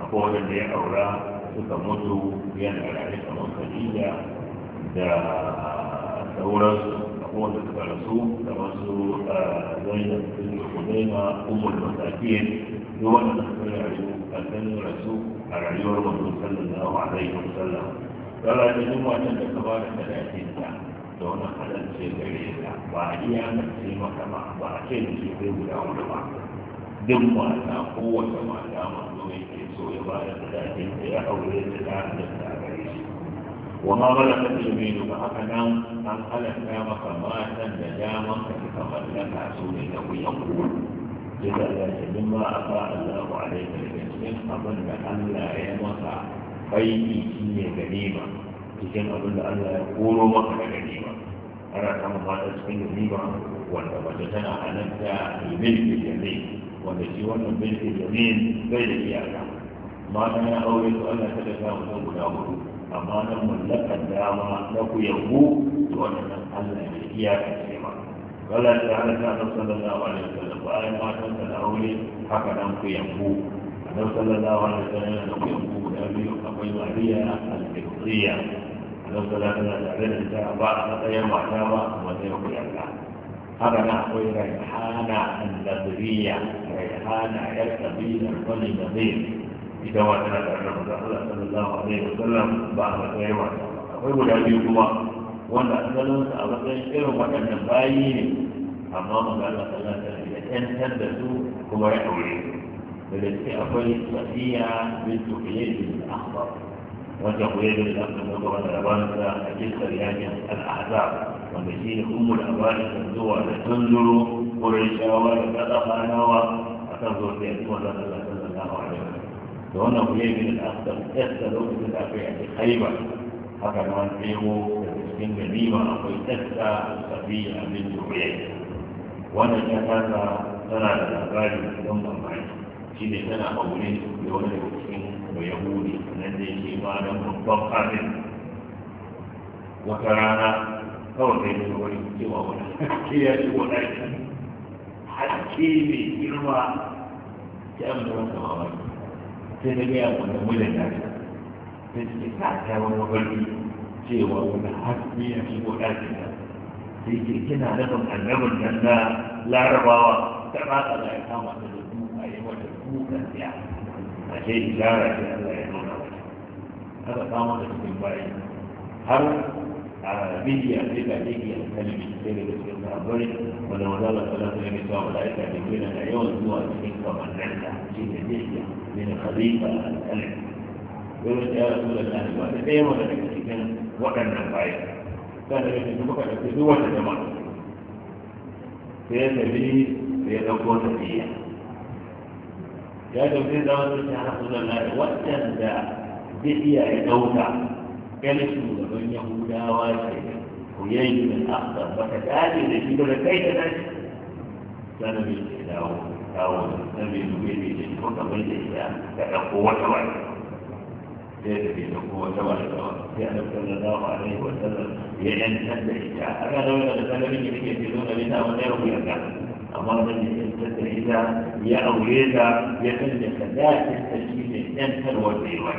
أقول لي أورا تموتوا da sauransu abubuwan da suka rasu da a rayuwar mutum sallallahu rara da duk wannan da ka ba da sadaki ta da wani halarci gare ka ba a iya mace maka ba ba a ce mace sai guda wani ba duk mata kowace mata mazo ke so ya ba da sadakin ta ya aure ta da halatta gare shi wa ma bala ka tilminu ba haka nan an halatta maka matan da daman ka suka mallaka su ne da wuyan kuwa sai da Allah a ba Allah wa alaihi da cikin abin da Allah ya maka Aiki shi ne ganima cikin abin da Allah ya koro maka daga ganima ana samun mata cikin ganima wanda mace tana halatta ilmin ilmin wanda shi wannan bin ilmin zai da iyaka mata na aure su Allah ta da samun sun guda hudu amma nan mallakar dama na ku yabu da wannan Allah ya iyaka ce ma Allah ta halatta da sallallahu alaihi wasallam bayan matan ta da aure haka nan ku yabu لو صلى الله عليه وسلم يقول أبي أبي وعليا الفطرية لو صلى على عليه وسلم تعبى تيمع تعبى وتيمع يبلع هذا هو ريحانة النظرية ريحانة يكتبين الكل نظير إذا وجدت الرسول صلى الله عليه وسلم بعد تيمع أقول أبي هو wanda asalinsa a matsayin irin waɗannan bayi ne amma magana Allah ta ya 'yantar da su kuma ya aure su لذلك أقول صفية بنت قيد الأخضر وتقويل الأوانسة والأوانس تلك الأحزاب ومسير أم الأوانسة الزوى لتنزل قريشا ولتدخل نوى أتنظر في أسوة صلى الله عليه وسلم وأنا قويل من الأخضر تسألوا في الأفعية حتى ما ننفيه في جميع أو تسأل صفية من قيد وأنا هذا سنة الأباد ثم معي shi ne tana aure da wani daga cikin da yahudi nan da yake ma don babban kafin wata rana kawai sai da wani cewa wani haske ya ci wa ɗaki haske mai girma ta yi mutum da mamaki sai da gaya wanda mulan ya ta sai suke sa ta wani mafarki cewa wani haske ya ci wa ɗaki ta sai ke kina nufin annabin nan na larabawa ta ba ta da ya kama ta kukantiya a ce ishara ce Allah ya nuna mata haka samun da cikin bayan har a bidiya sai ka je ki an kalmi sai da cikin sahabbai wanda wanda Allah ta lafiya ne cewa malaika da gina na yawan zuwa cikin kamannin da shi ne bidiya ne na khalifa al-kalmi yau da ya rasu da ta ba da ɗaya mana daga cikin waɗannan bayan ta da yake duk ka ɗauki duk wanda jama'a sai ya tafi sai ya ɗauko tafiya ya dauke da wani sai ana kuzar na waɗanda zai iya ya ɗauka yan shugaban yahudawa ce ku yayi da afdar ba ta dace da shi ba da kai ta nan sana mai ke dawo dawo na mai dube mai ce ko ka bai da iya ka ɗauko wata wani sai da bai ɗauko wata wani da wani sai a ɗaukar da zawo a rai wata ya yantar da ita a ga da wani da sanar da ke ke zo da bai ta wani ya rubu ya عمر بن يسلسة إذا يأوجد يكلف ذات التشكيل ينفر وزيوان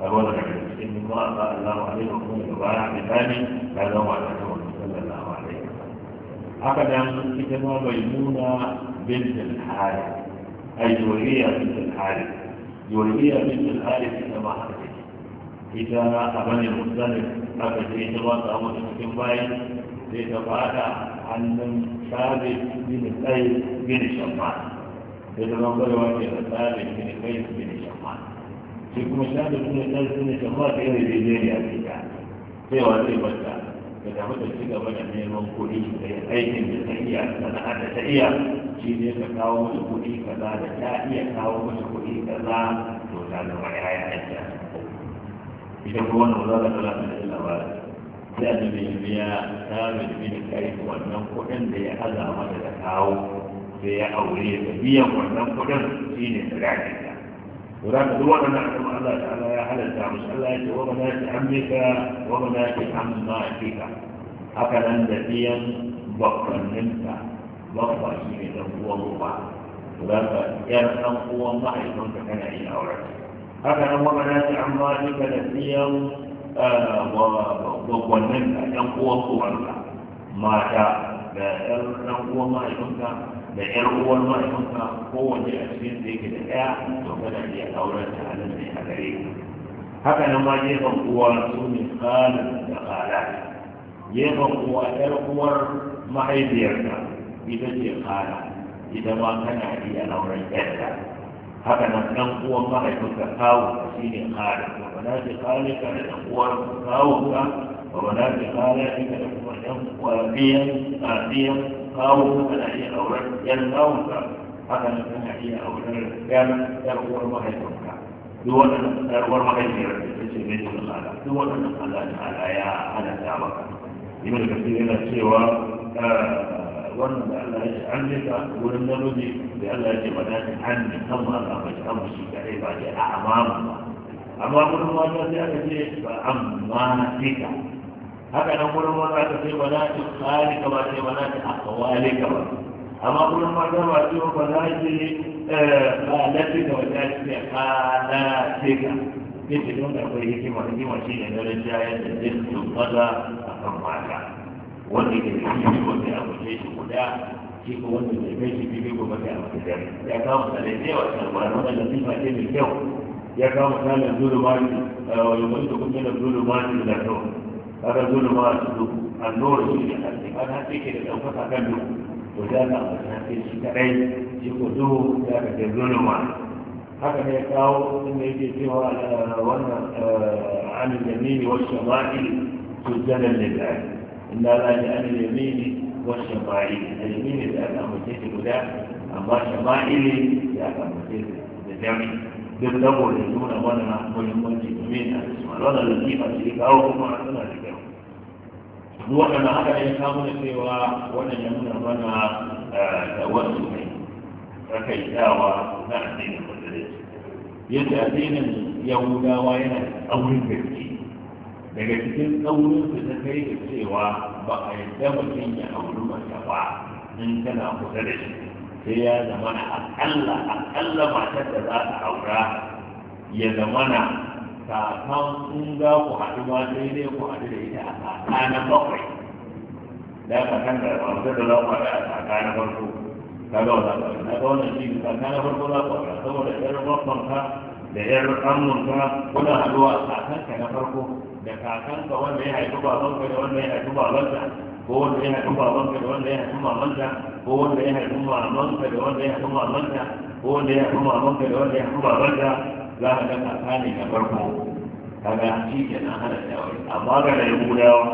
فهو ان الله قال الله عليه وسلم يبارع بثاني هذا هو الله صلى الله عليه وسلم أبدا إذا ميمونة بنت الحارث أي جولية بنت الحارث جولية بنت الحارث إذا ما حدث إذا أبني المختلف أبدا إذا ما قام zai gabata hannun sabit bin tsaye bin shamman da zama kwarewa ke da sabit bin tsaye bin shamman shi kuma sabit bin tsaye bin shamman da yanayi nigeria ne ta cewa zai bata da tafi da ci gaba da neman kuɗi da ya aikin da ta iya sana'a da ta iya shi ne ka kawo mata kuɗi kaza da ta iya kawo mata kuɗi kaza to ta zama ya yi aiki ita kuma wannan za ta kala da labarin da da mai biya sabit bin kai wannan kuɗin da ya haza mata da kawo sai ya aure da biyan wannan kuɗin shine sadaqin ta to da duk waɗannan annabi Allah ta'ala ya halatta musu Allah ya ce wa banati ammika wa banati ammatika haka nan da biyan bakwanninka bakwa shine dan uwan uba to da ka yar dan uwan mahaifinka kana iya aure haka nan wa banati ammatika da biyan wa gwannan da ɗan uwan uwanka mata da ɗan uwan mahaifinka da ƴar uwar mahaifinka kowanne a cikin da yake da ɗaya to kana iya auren ta halin da ya gare ka haka nan ma gefen uwa su ne kalin da kala gefen uwa ƴar uwar mahaifiyarka ita ce kala ita ma kana iya auren ƴarta haka nan ɗan uwan mahaifinka kawo ka shi ne kare ka ba na ce kare ka da ɗan uwan kawo ka ba ba na ce kare ka da kuma ɗan kwaɗiyan kwaɗiyan kawo ka kana iya auren yan kawo ka haka nan kana iya auren yan ɗan uwan mahaifinka duk waɗannan ɗan uwan mahaifiyar da ta ce mai sun ala duk waɗannan Allah ta'ala ya halatta maka ibn kasir yana cewa ah, wannan da Allah ya ce an rika wurin namiji da Allah ya ce ba ta an ne kan ma za ka ci amma shi kadai ba ce a amama ba amma wurin mata sai aka ce ba amma tika haka nan wurin mata aka ce ba za ki tsari ka ba ce ba za ki akawale ka ba amma wurin mata ba ce ba za ki lalace ka ba za ki kana tika yake don da akwai hikima hikima shi ne na rinjayen da zai tsada a kan mata wanda ke da shi wanda ya abu shi guda shi ko wanda bai kai shi bibi ko bai abu da ya kawo misalai da yawa cikin alƙur'ani wannan sifa ce mai kyau ya kawo misalin zulumani wa yumuntu kun yana zulumani da kyau kaga zulumani su annora shi da haske an haske ke da ɗaukaka kan duhu to da ka abu haske shi kaɗai shi ko duhu ya ka ce zulumani haka ne kawo inda yake cewa eh, wannan eh, an jamili wa shama'il sujjadan lillahi إلا بعد أن اليمين والشمائي اليمين لأن أمتيت لا أما شمائل لأن أمتيت بجمع بالدبو لدون وانا مهمتي من الاسمال وانا لطيفة شريك أو هم عندنا لكم هو أنا هذا يسامون سوى وانا يمون وانا توسعي فكي داوى نعدين المدرس يتأتينا يوم داوى أو daga cikin tsaurin su ta kai da cewa ba a yadda mutum ya auri mace ba in tana kusa da shi sai ya zama na akalla akalla matar da za ta aura ya zama na kakan in za ku haɗu ma sai dai ku haɗu da ita a kaka na bakwai da kakan da ba da za ku haɗu a kaka na farko ka ga wata ba na ga wannan shi kaka na farko za ku haɗu saboda ƴar bakwanka da ƴar amurka kuna haɗuwa a kakanka na farko da kakanka wanda ya haifi babanka da wanda ya haifi babanka ko wanda ya haifi babanka da wanda ya haifi mamanka ko wanda ya haifi mamanka da wanda ya haifi mamanka ko wanda ya haifi mamanka da wanda ya haifi babanka za ka ga kaka ne na farko kaga shi ke nan hana shawari amma ga da yawa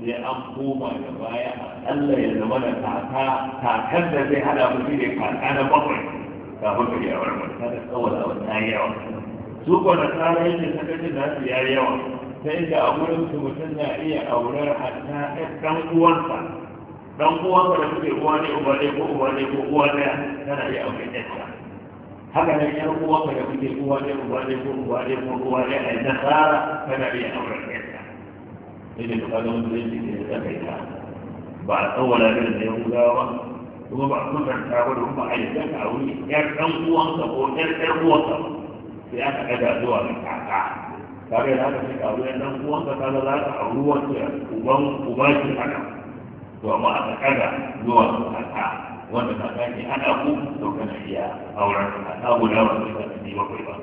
sai an koma da baya aƙalla ya zama da kaka kakan da zai hada mutu ne kaka na bakwai kafin ka yi a wani kada tsawon a wani yawa su ko da tsara yake sakacin da su yayi yawa sai da wurin su mutum na iya aurar hatta ɗan uwansa ɗan uwansa da suke uwa ne uba ne ko uba ne ko uwa ɗaya tana iya aure ɗansa haka ne ɗan uwansa da suke uwa ne uba ne ko uba ne ko uwa ne a nasara tana iya aure ɗansa ne da duka ga zai ke da ta ba a tsawala da ya yahudawa ba kuma ba a kusanta ba da kuma a yi zaka a wuri ɗan uwansa ko ƴar ɗan uwansa sai aka ɗaga zuwa ga kaka kaga da aka cika wuyan dan kuwan ka kaga za ka auri wanda uban uba ke haka to amma aka kaga zuwa kaka wanda kaka ke hada ku to kana iya auren kaka guda ba sai ka ba kai ba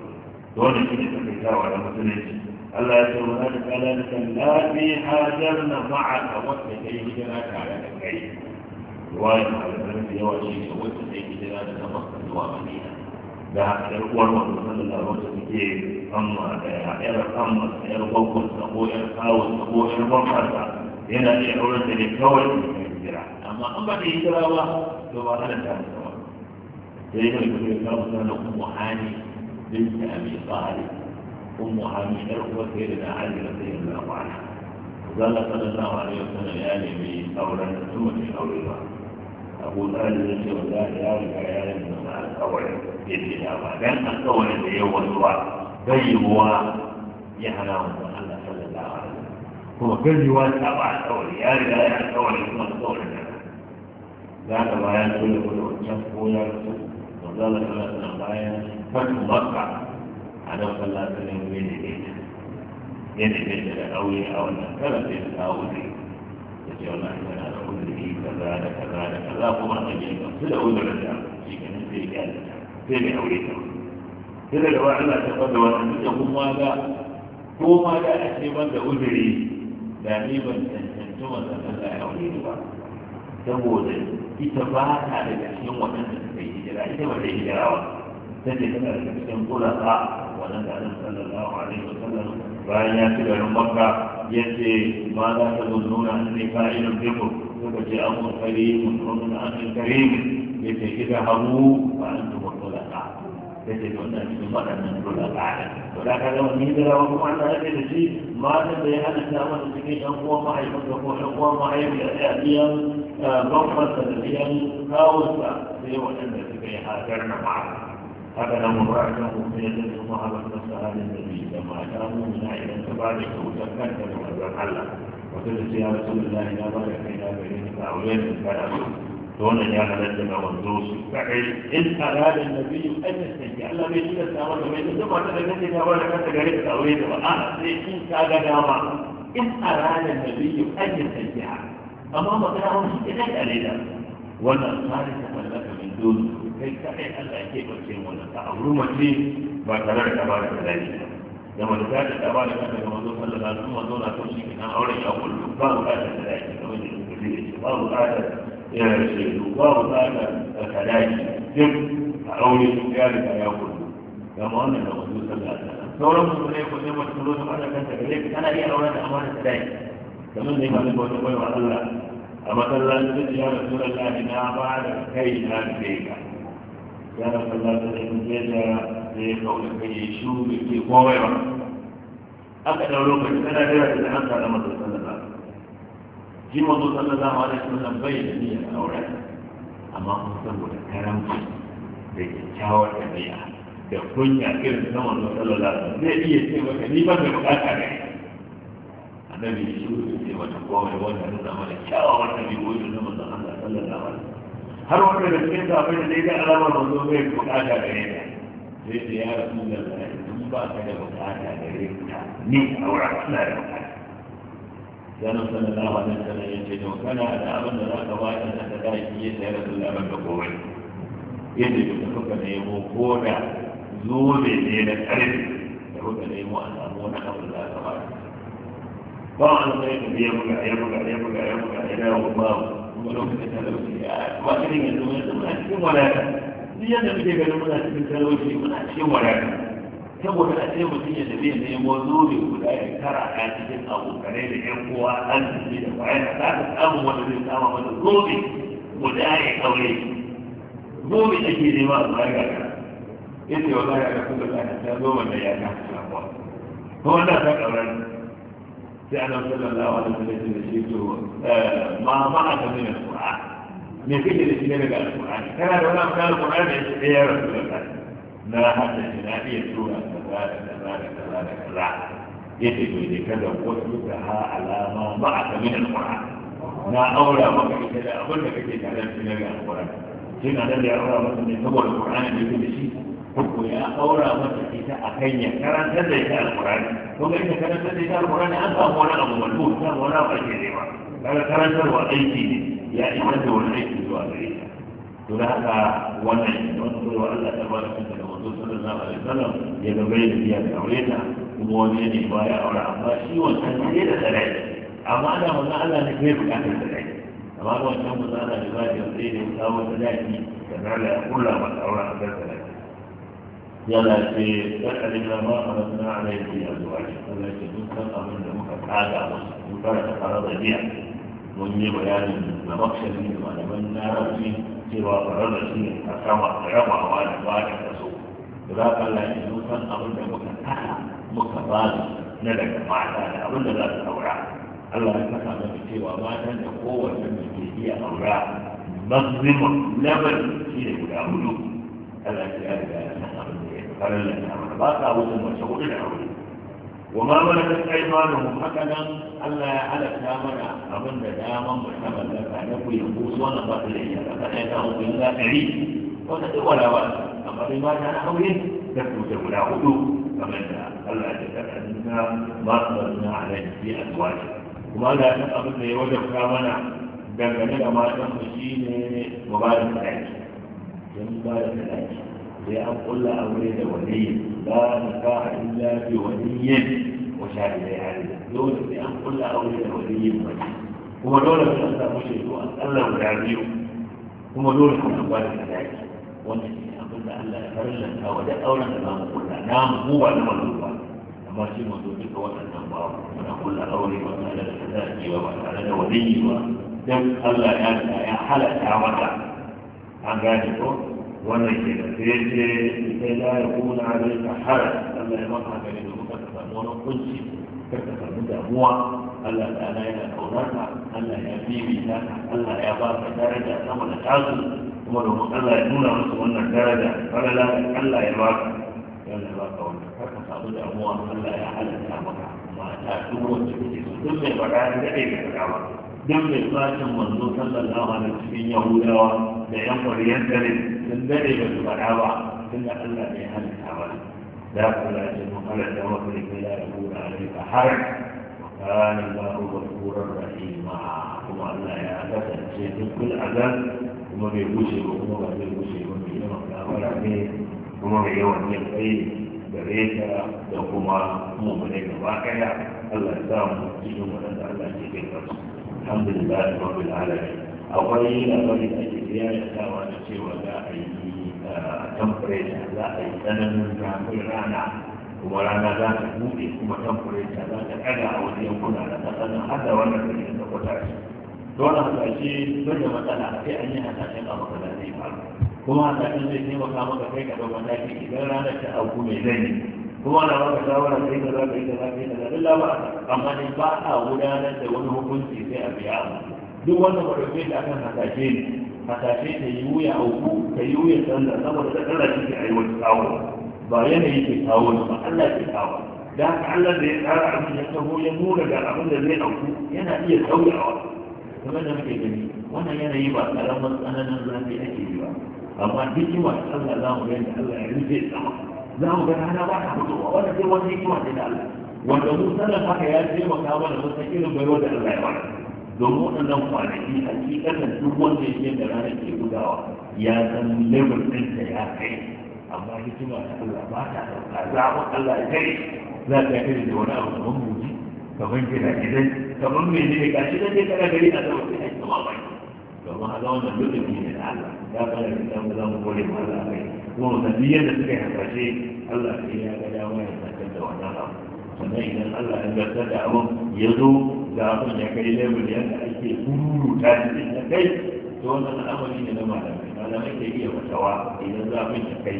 to wannan shine takaitarwa da musulunci Allah ya ce wa zaka kala da hajar na ma'aka wanda kai hijira ta da kai ruwayan malamai da yawa shi ne wanda kai hijira da ta makka zuwa madina da yar uwar manzo sallallahu alaihi wasallam take amma da yar amma da yar gwagwar da ko yar kawon da ko yar gwagwarsa yana iya auren da ne kawai da hijira amma an ba da hijira ba to ba hana ta mutu ba sai da kuma ya kawo sana ummu hani binti abi talib ummu hani yar uwar sai da ali radiyallahu anha zalla sallallahu alaihi wasallam ya nemi auren da mutum ne aure ba abu tsarin ya ce wanda ya riga ya yi musu alkawarin ya ce da ba dan alkawarin da ya wasu ba gaiwa ya hana mu Allah sallallahu alaihi wasallam kuma gaiwa ta ba alkawari ya riga ya alkawari kuma alkawarin da za ka bayan dole ko da wancan koyar su wanda Allah sallallahu alaihi wasallam bayan fatu makka a nan sallallahu alaihi wasallam ne ne ne ne da aure a wannan karan da ya kawo ne ya ce wannan uzuri kaza da kaza da kaza kuma ta biyu kan su da uzurin da shi ganin sai ya kyale sai mai aure ta sai daga ba Allah ta fada wannan duk da kuma ga ko ma da a ce ban da uzuri da ni ban cancanci wannan Allah ya aure ni ba saboda ita ba ta da cikin waɗanda suka yi hijira ita ba ta hijira ba sai ta tana daga cikin kulasa wannan da annabi sallallahu alaihi wasallam bayan ya ci garin makka ya ce ma za ta zo nuna ne fa'ilun bikum يقول جاءهم كريم ومن أمر كريم لكي اذهبوا فأنتم الخلفاء لكي تؤمن بمرأة من الخلفاء ولكن لو نيجي لو معنى هذا الشيء ما تبين أن أمر السكين أقوى معي فتقوى أقوى معي بأساسيا ضربة سلبيا هاوسة في وقت التي هاجرنا معه هذا مرة مؤمنة ثم هبت نفسها للنبي لما كانوا من عائلة بعد أن تكلم الله mutum sai ya rasu da zai na bada kai na gari na ta'awiyar da fara to wannan ya halatta ga wanzo su kai in arada annabi an yasaki Allah bai tsira ta mata bai tsira ba ta da kanta ta bada kanta gari da ta'awiyar da ba sai in ka ga dama in arada annabi an yasaki amma magana wani shi kai alida wannan kai Allah wannan ba tare da ta da mata da ta bada kanta ga mazo sallallahu alaihi wasallam mazo na kan shi kan auren ya kullu ba bukatar da yake kamar da kuke da ba bukatar ya ce ba bukatar da kadaki duk a aure ya riga ya kullu kama wannan da mazo sallallahu alaihi wasallam sauran mutane ko ne mutum zo ta bada kanta gare ka kana iya auren da amana da dai kamar ne ma da wata baiwa Allah a masallaci da ya rasu da na ba da kai na da kai ya da kalla ta cikin jeda da ya kauna kai shi bai ke komai ba aka ɗau lokaci tana jira da an kada masa sallallahu shi mazo sallallahu alaihi wasallam bai da niyyar aure amma kuma saboda karamci da kyakkyawar ɗabi'a da kunya irin na mazo sallallahu alaihi zai iya ce maka ni ban da bukata ne annabi shi bai ce mata komai wannan nuna mana kyawawar ɗabi'o'i na mazo sallallahu alaihi wasallam har wanda da cikin safin da ya alama manzo zai bukata da ne zai ce ya rasu da in ba ka da bukata da ne ni a wurin suna da bukata dan sallallahu alaihi wasallam ya ce to kana da abin da za ka ba da ta da shi ya tsaya da labar da kowa yadda ya kuka nemo ko da zobe ne na karfi da kuka nemo a samu wani abu da za ka ba ba an sai ka biya buga ya buga ya buga ya buga ya dawo babu kuma lokacin talauci kuma cikin saboda a ce mutum ya tafi ya nemo zobe guda ya kara a cikin abokanai da yan uwa an tafi da bayan wanda zai kama mata zobe guda ya kaure zobe da ke nema a baya ga ya ce za ga kuma ta ya kasa samuwa wannan ta فعلا صلى الله عليه وسلم نسيت ما ما أتى من القرآن من كل الإسلام إلى القرآن كان ولا كان القرآن يا رسول الله لا حتى جنابية سورة كذا كذا كذا كذا يجب إذا كذا وصلتها على ما بعث من القرآن ما أولى ما كذا أقول لك كذا كذا كذا القرآن هنا الذي أولى مثلا يتبع القرآن بكل شيء ko ya aura mata ita a hanya karantar da ita alkurani to ga ita karantar da ita alkurani an samu wani abu mallu ta wani abu ake nema kaga karantarwa aiki ne ya isa da wani aiki zuwa gare ta to da haka wannan wannan zuwa Allah ta ba bada kanta da manzo sallallahu alaihi wasallam ya gaba da biya da aure ta kuma wani ne baya aure amma shi wannan sai da sadaki amma ana wannan Allah ne kai bukatar sadaki amma wannan manzo Allah ne baya da sai da kawo sadaki da Allah ya kula masa aure a kan sadaki يلا في فكر إلى ما أردنا عليه في أزواج التي تبقى من المحب هذا مفرد فرض بيع ومن بيان المقصد من من من نار في سوى فرض في أسامة عمى وعلى الواجه تسوق لا قال لا يجوزا أقول لك مكان أحد مكان ندك مع ذلك أقول لك ذات الأوراق الله يتكلم في سوى ما كان قوة من تلكية أوراق مظلمة لبن في الأولوك ألا يتكلم farallan ba sa wucin mace hudu da aure wa ma mana ta tsaimanin haka nan Allah ya halatta mana abin da daman mu ta mallaka na ku yanzu su wannan ba su da iya ka ta ta hukun za ta yi wata ta wala ba amma dai ba ta na aure da su ta guda hudu kamar da Allah ya ta kanna ma su zanna a nan fi azwaji kuma Allah ya san abin da ya wajabta mana dangane da matan mu shine mu ba da sadaki yanzu ba da sadaki sai an kulla aure da waliyi la nikaha illa yin waliyyin wa shahidai halin dole sai an kulla aure da waliyyin mace kuma dole sai an samu shaidu an tsalla guda biyu kuma dole kuma ba bada sadaki wanda ke abin da Allah ya farlanta wa duk auren da zamu kulla na mu ba na mazo ba amma shi mazo duka waɗannan ba muna kulla aure ba tare da sadaki ba ba tare da yi ba dan Allah ya ya halatta mata an gane ko wannan ke da sai ce sai la ya kuna zai ka hara Allah ya maka gare da muka ka samu wani kunci ka ka samu damuwa Allah ta'ala yana kaunata Allah ya bibita Allah ya ba ka daraja sama da tasu kuma domin Allah ya nuna musu wannan daraja falala Allah ya ba ka yana ba ka wannan ka ka samu damuwa Allah ya halatta maka mata duk wacce kake so duk mai faɗa da ɗaya ka faɗa maka don mai sashen manzo sallallahu alaihi cikin yahudawa da yan kwariyar dare sun dare da su faɗa ba tun da allah ne halitta ba da ku da ce mun halatta maka da kai ya rabu da alaika har وكان الله غفورا رحيما كما الله يا أبدا شيء كل أذى وما بيبوشي وما بيبوشي وما بيبوشي وما بيبوشي kuma mai yawan yin tsaye gare ta da kuma mu ne gaba kaya Allah ya sa mu cikin waɗanda Allah ke kai kansu الحمد لله رب العالمين akwai labari da ake biya da dawa da cewa za a yi temperature za a yi tsananin zafin rana kuma rana za ta buɗe kuma temperature za ta ɗaga a wani yankuna na tsakanin har da wannan da ke da kwata shi dole a ƙarshe duk da matsala a sai an yi hasashen abu kaza zai faru kuma hasashen zai taimaka maka kai ka ɗau mataki idan ranar ta auku mai zai kuma ana maka shawara kai da za ka yi da za ka yi da za ka amma ne ba a gudanar da wani hukunci sai a biya duk wanda ba rufe da akan hasashe ne hasashe ta yi wuya auku ta yi wuya canza saboda ta tsara shi a yi wani kawo ba yanayi ke kawo ba Allah ke kawo da haka Allah da ya tsara abin ya taho ya nuna ga abin da zai auku yana iya sauyawa kamar da muke gani wannan yanayi ba karamar tsananin zafi ake yi ba amma duk yi wa Allah za mu yanda Allah ya rufe sama za mu ga rana ba ta fitowa wanda sai wani hikima ce da Allah wanda mu sanar haka ya taimaka mana mun san irin baiwa da Allah ya mana domin waɗannan kwanaki a cikin duk wanda yake da rana ke gudawa ya san level ɗinta ya kai amma hikima ta Allah ba ta ɗauka zaɓin Allah ya kai za ka yi da wani abu kamar muji kamar gida gidan kamar mai ne ga shi da ne kana gari a zama sai a yi kama bai domin haka wannan duk da ne da Allah ya fara da za mu gode ma Allah kai kuma duk yadda suka yi hasashe Allah sai ya ga dama ya zartar da wannan abu sannan idan Allah ya zartar da abin ya zo ga abin ya kai level yadda ake surutu shi da kai to wannan al'amari ne na malamai malamai ke iya fatawa idan zafin ya kai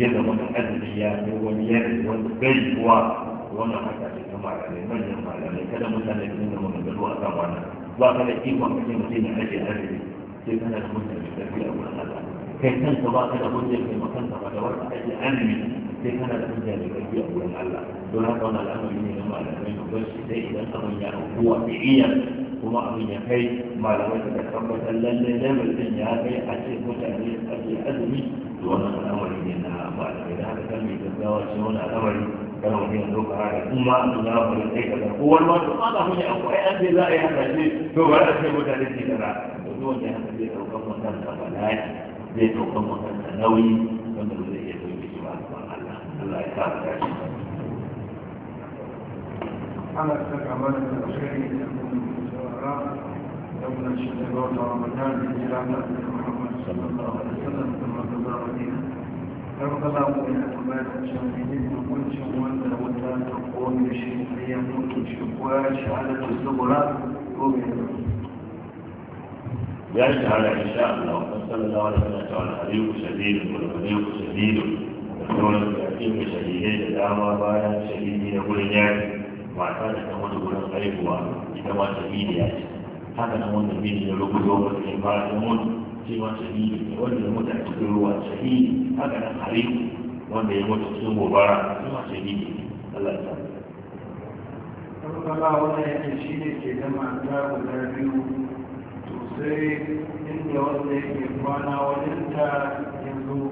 ya zama da azumi ya ne wani yadda wani gari kuwa wannan haka ce ta malamai manyan malamai kada mutane su nuna maganganu a kan wannan ba ka da ikon kake mutum ya ake azumi sai kana da mutane da a wurin Allah كيف كانت باطلة مدينة كما كانت فتورت أجل أمن كيف كانت مدينة كيف يقول أن الله دون أن الأمر مني لما أن أمين وقلش إذا إذا أمين يعني هو بعيا وما أمين يكي ما لويت تكبر تلل لما الدنيا في أجل متأمين أجل أدمي دون هذا الأمر مني أن ما أن أمين هذا كمي تزدوى شون الأمر كما مدينة دوك على أمة دون هذا أمر إيكا هو الوقت هذا هو يأخوة أجل لا يحدث فهو zai ɗaukan waɗanda nauyi wanda ba zai iya ɗauke su ba a gaban Allah Allah ya kawo da shi ana saka mana da alkhairi da saurara da kuma shi da wata ramadan da jira na da Muhammad sallallahu alaihi wasallam da manzon Madina har kala mu ina tambaya da cewa ne hukuncin wanda wata ta kone shi sai ya mutu shi ko ya shahada ta zubura ko bai ya yi shahara in sha Allah kan sallallahu alaihi wasallam cewa al-hadiyu shadidun wal hadiyu shadidun da sauran yakin shahidai da dama bayan shahidi na gurin yaki mata da kan wata gurin haihuwa ita ma shahidiya ce haka nan wanda miji ya rubuto wata in ba ta mutu shi ma shahidi ya mutu a cikin ruwa shahidi haka nan hariku wanda Allah ya ba yake shi ne ke zama ta guda biyu sai inda wanda yake kwana wajen ta yanzu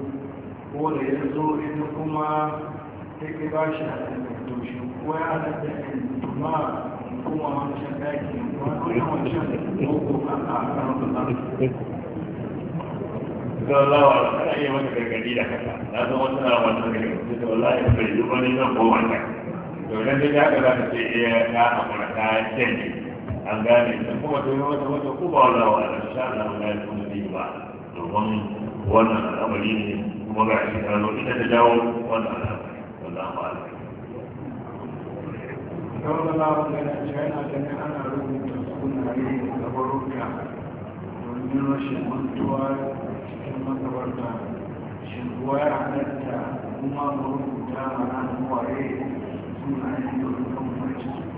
ko da yanzu ita kuma take ba shi haɗin da toshi ko ya halatta da kuma kuma wancan ɗaki wani wancan ko a ƙarfafa don lawa kana iya mata gargadi da kasa na san wata na wata da gargadi da wallahi bai yi wani zan ko wannan to idan dai haka za eh, ta ce iya na hakura ta janye عن ذلك الحكومة الأولى تقوم على الشعب أن لا يكون فيه بعد الظن وأن الأولين هم بعشقان وإن تجاوب وأن أعلم وأن أعلم وأن Thank you.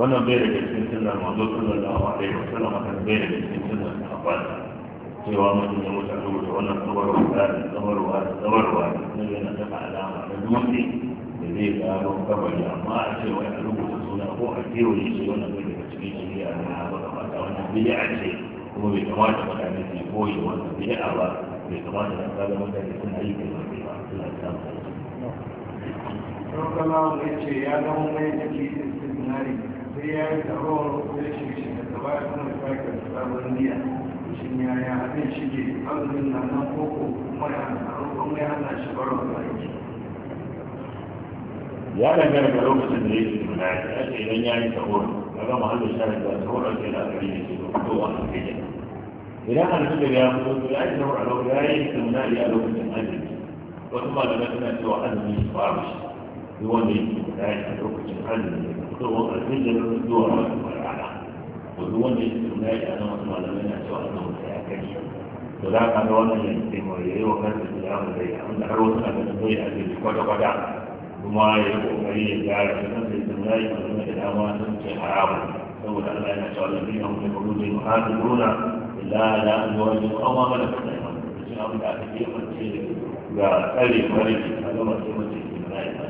وانا بيرك اسم سنة الموضوع صلى الله عليه وسلم وانا بيرك اسم سنة الحفاظ سوى مسلم المسعود وانا صبر وحفاظ صبر وحفاظ صبر وحفاظ نبي نتفع الامر المسي يزيد آبه كبه يا ما أعطي ويحلوه سسونا أخوة كثير ويشي وانا بيرك اسمين شريعة من هذا الوقت وانا بيجي أعطي هو بيتماشى مكانيتي بوي وانا بيجي أعطي بيتماشى مكانيتي بوي وانا بيجي أعطي بيتماشى مكانيتي بوي وانا بيجي أعطي بيتماشى مكانيتي بوي وانا بيجي أعطي بيتماشى مكانيتي بوي وانا بيجي أعطي بيتماشى مكانيتي بوي وانا بيجي أعطي بيتماشى مكانيتي بوي وانا بيجي أعطي بيتماشى مكانيتي بوي وانا بيجي أعطي بيتماشى مكانيتي بوي وانا بيجي أعطي بيتماشى sai ya yi tsaro ya ce shi da gaba ya kuma da kai sabon niyya shin ya ya abin shi ke azumin nan nan koko kuma ya tsaro kuma ya hana shi baro da aiki ya dangana ga lokacin da ya ce suna ya ce idan ya yi tsaro na gama hannun shari'a da tsoron ke da gari da ke fitowa a kai idan alfijir ya fito to ya yi zaura lau ya yi seminari a lokacin azumi wasu malamai suna cewa azumi shi babu shi duk wanda ya ke da ya a lokacin azumi to makarfin da nuna zuwa wani barana wani wanda ya tuna ya ana wasu malamai na cewa ana wata ya kai to za ka ga wannan yanzu sai mai yayi wa kansa da ya mu zai amma har wasu na ganin zai ake ji kwata kwata kuma ya yi kokari ya gyara shi kansa ya tuna ya yi da dama sun ce haramu saboda Allah yana cewa lafi na mutum ko mutum ha ta nuna illa la zuwa ji an wa mana kuma ya mutum shi abin da aka ce ga tsare mariki a zama sai mutum ya tuna ya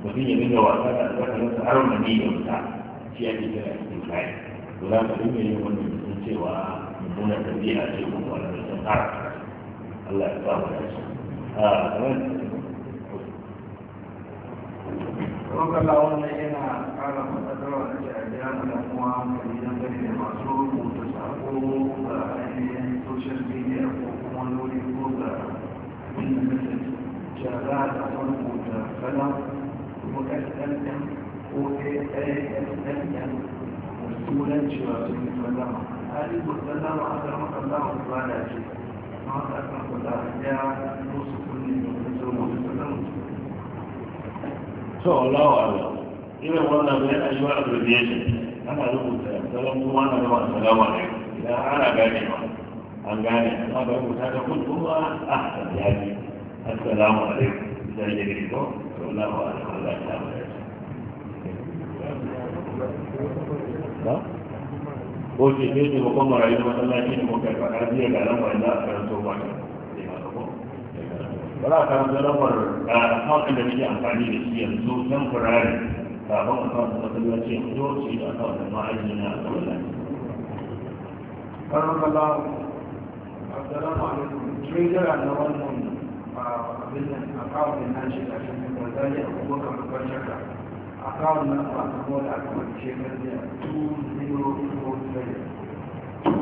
mutum ya dinga wasa da albarkarsa har mani ya wuta shi ake kira istiklali to za ka dinga yin wannan mutum cewa mummuna a ce ko wani mutum har Allah ya sa mu dace a ah, Rokala wannan yana kara matsalarwa da shi a biya da kuma hankali don gani da masu rubuta sako ga ainihin social media ko kuma lori ko ga inda kasance shara da rubuta kalan وكالتالتم وكالتالتم وسولا شواتي مسلمة هذه مسلمة أكرمك الله تعالى شيئا ما أكرمك الله يا نصف to Allahu Allah irin wannan bai a shi wa abbreviation ana rubuta salam kuma na gaba salamu alaikum idan ana gane ma an gane amma bai rubuta ta kun kuma ah ya ji assalamu alaikum idan ya gani ko والله أعلم ولا أعلم ko ce ke ce bakon marayu da masallaci da muka faɗa jiya ga lamar da aka karanto ba ba za a karanta lamar a akawun da muke amfani da shi yanzu can furari sabon akawun da masallaci yanzu zo ce da akawun da ma'aji na masallaci. Karnar Allah, Assalamu alaikum, treasurer na wannan abinnan akawun nan shi da shi da zai abubakar babban shaka akawun nan ba a kuma da aka wani shekar da 2047 2047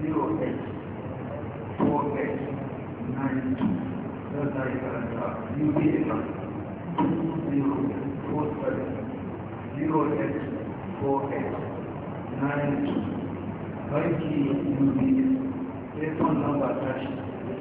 08 48 92 zai zai karanta uba 2047 08 48 92 banki uba telefon number tashi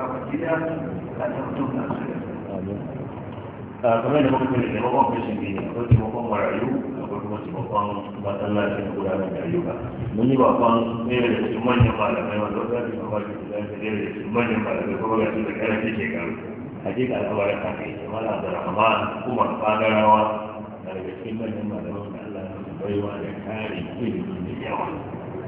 kamar da muka kuma taimakon kashin biyu akwai taimakon marayu akwai kuma taimakon matan lafiya da gudanar da ayyuka mun yi bakon ɗaya da cikin manyan malamai wanda wata da kuma shi da zai ɗaya da cikin manyan malamai kuma ga su da ƙarfi ke karu hakika al'amarin haka yake mala da rahama kuma fadarawa da daga cikin manyan malamai wanda Allah ya musu baiwa da kare ilimi da yawa.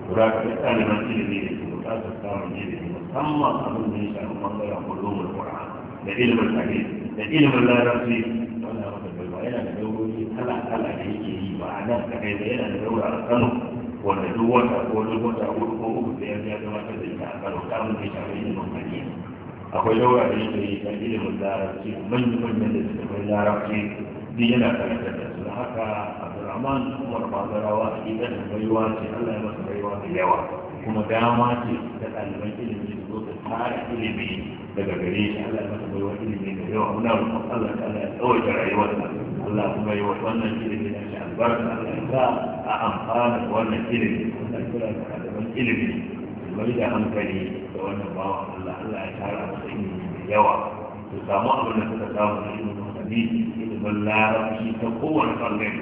Kura ka ɗaya ɗaliban ilimi da ke buƙatar samun ilimi ثم قبل من يسأل الله يقولون القرآن لإلى من تعليم لإلى من لا يرسي قال يا رب العالمين أنا نبوي هلا هلا هيكي هي وعناك كيف يلا نبوي على الثمن ونجوة أقول لبوت أقول قوم بأن يجب أن تدعي أقل قام بشعرين المهنين أقول لو أعيش بإلى من لا يرسي من من من لا يرسي دينا كانت تسلحك عبد الرحمن عمر بعض رواه إذا الميوان سيحل يمس الميوان اليوان كما دامات تتعلمين إلى من har ilimi daga gare shi Allah ya masa ilimi da yawa muna roƙon Allah ta Allah ya tsawaita rayuwarsa Allah kuma yi wa wannan ilimi na shi albarka Allah ya sa a amfana da wannan ilimi wanda kira da kalaman ilimi mai da hankali da wannan bawa Allah Allah ya tara masa ilimi da yawa su samu abin da suka samu na ilimin hadisi ilimin larabci ta kowane ɓangare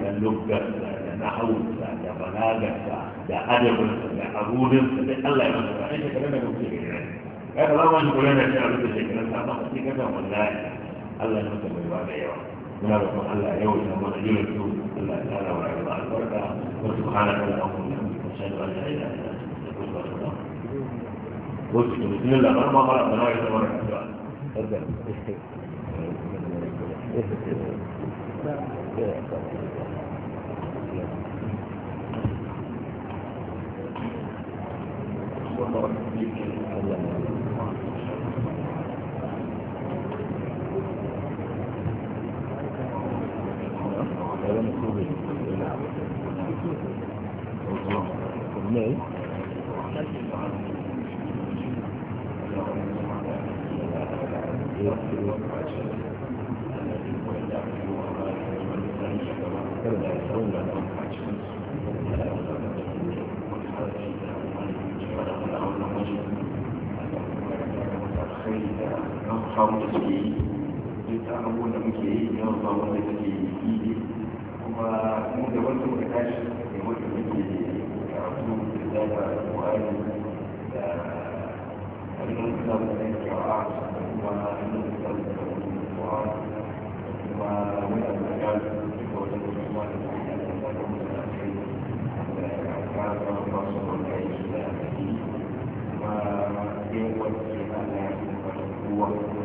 da lugga da nahawunsa da balagarsa da adabinsa da aburinsa da Allah ya masa ba ai shekarun da muke gani ya ka zama shi kula da shi a rubuta shekarun sa amma a cikin kan wallahi Allah ya masa baiwa da yawa muna roƙon Allah ya yawaita mana irin su Allah ya tsara wa rayuwa albarka wa subhanaka allahumma wa bihamdika ashhadu an la ilaha illa anta astaghfiruka wa atubu ilaik قلت بسم الله ما ما مرة أنا عايز مرة تفضل Yeah. الله samu da suke yi duk abubuwan da muke yi yawan samu da suke yi kuma mu da wanda muka tashi ne wanda muke karatu da zaba da wani da hannun samun da kyawa da kuma hannun samun da kyawa kuma wani abu da ya duka wajen kuma da kuma da kuma da kuma da kuma da kuma da kuma da kuma da kuma da kuma da kuma da kuma da kuma da kuma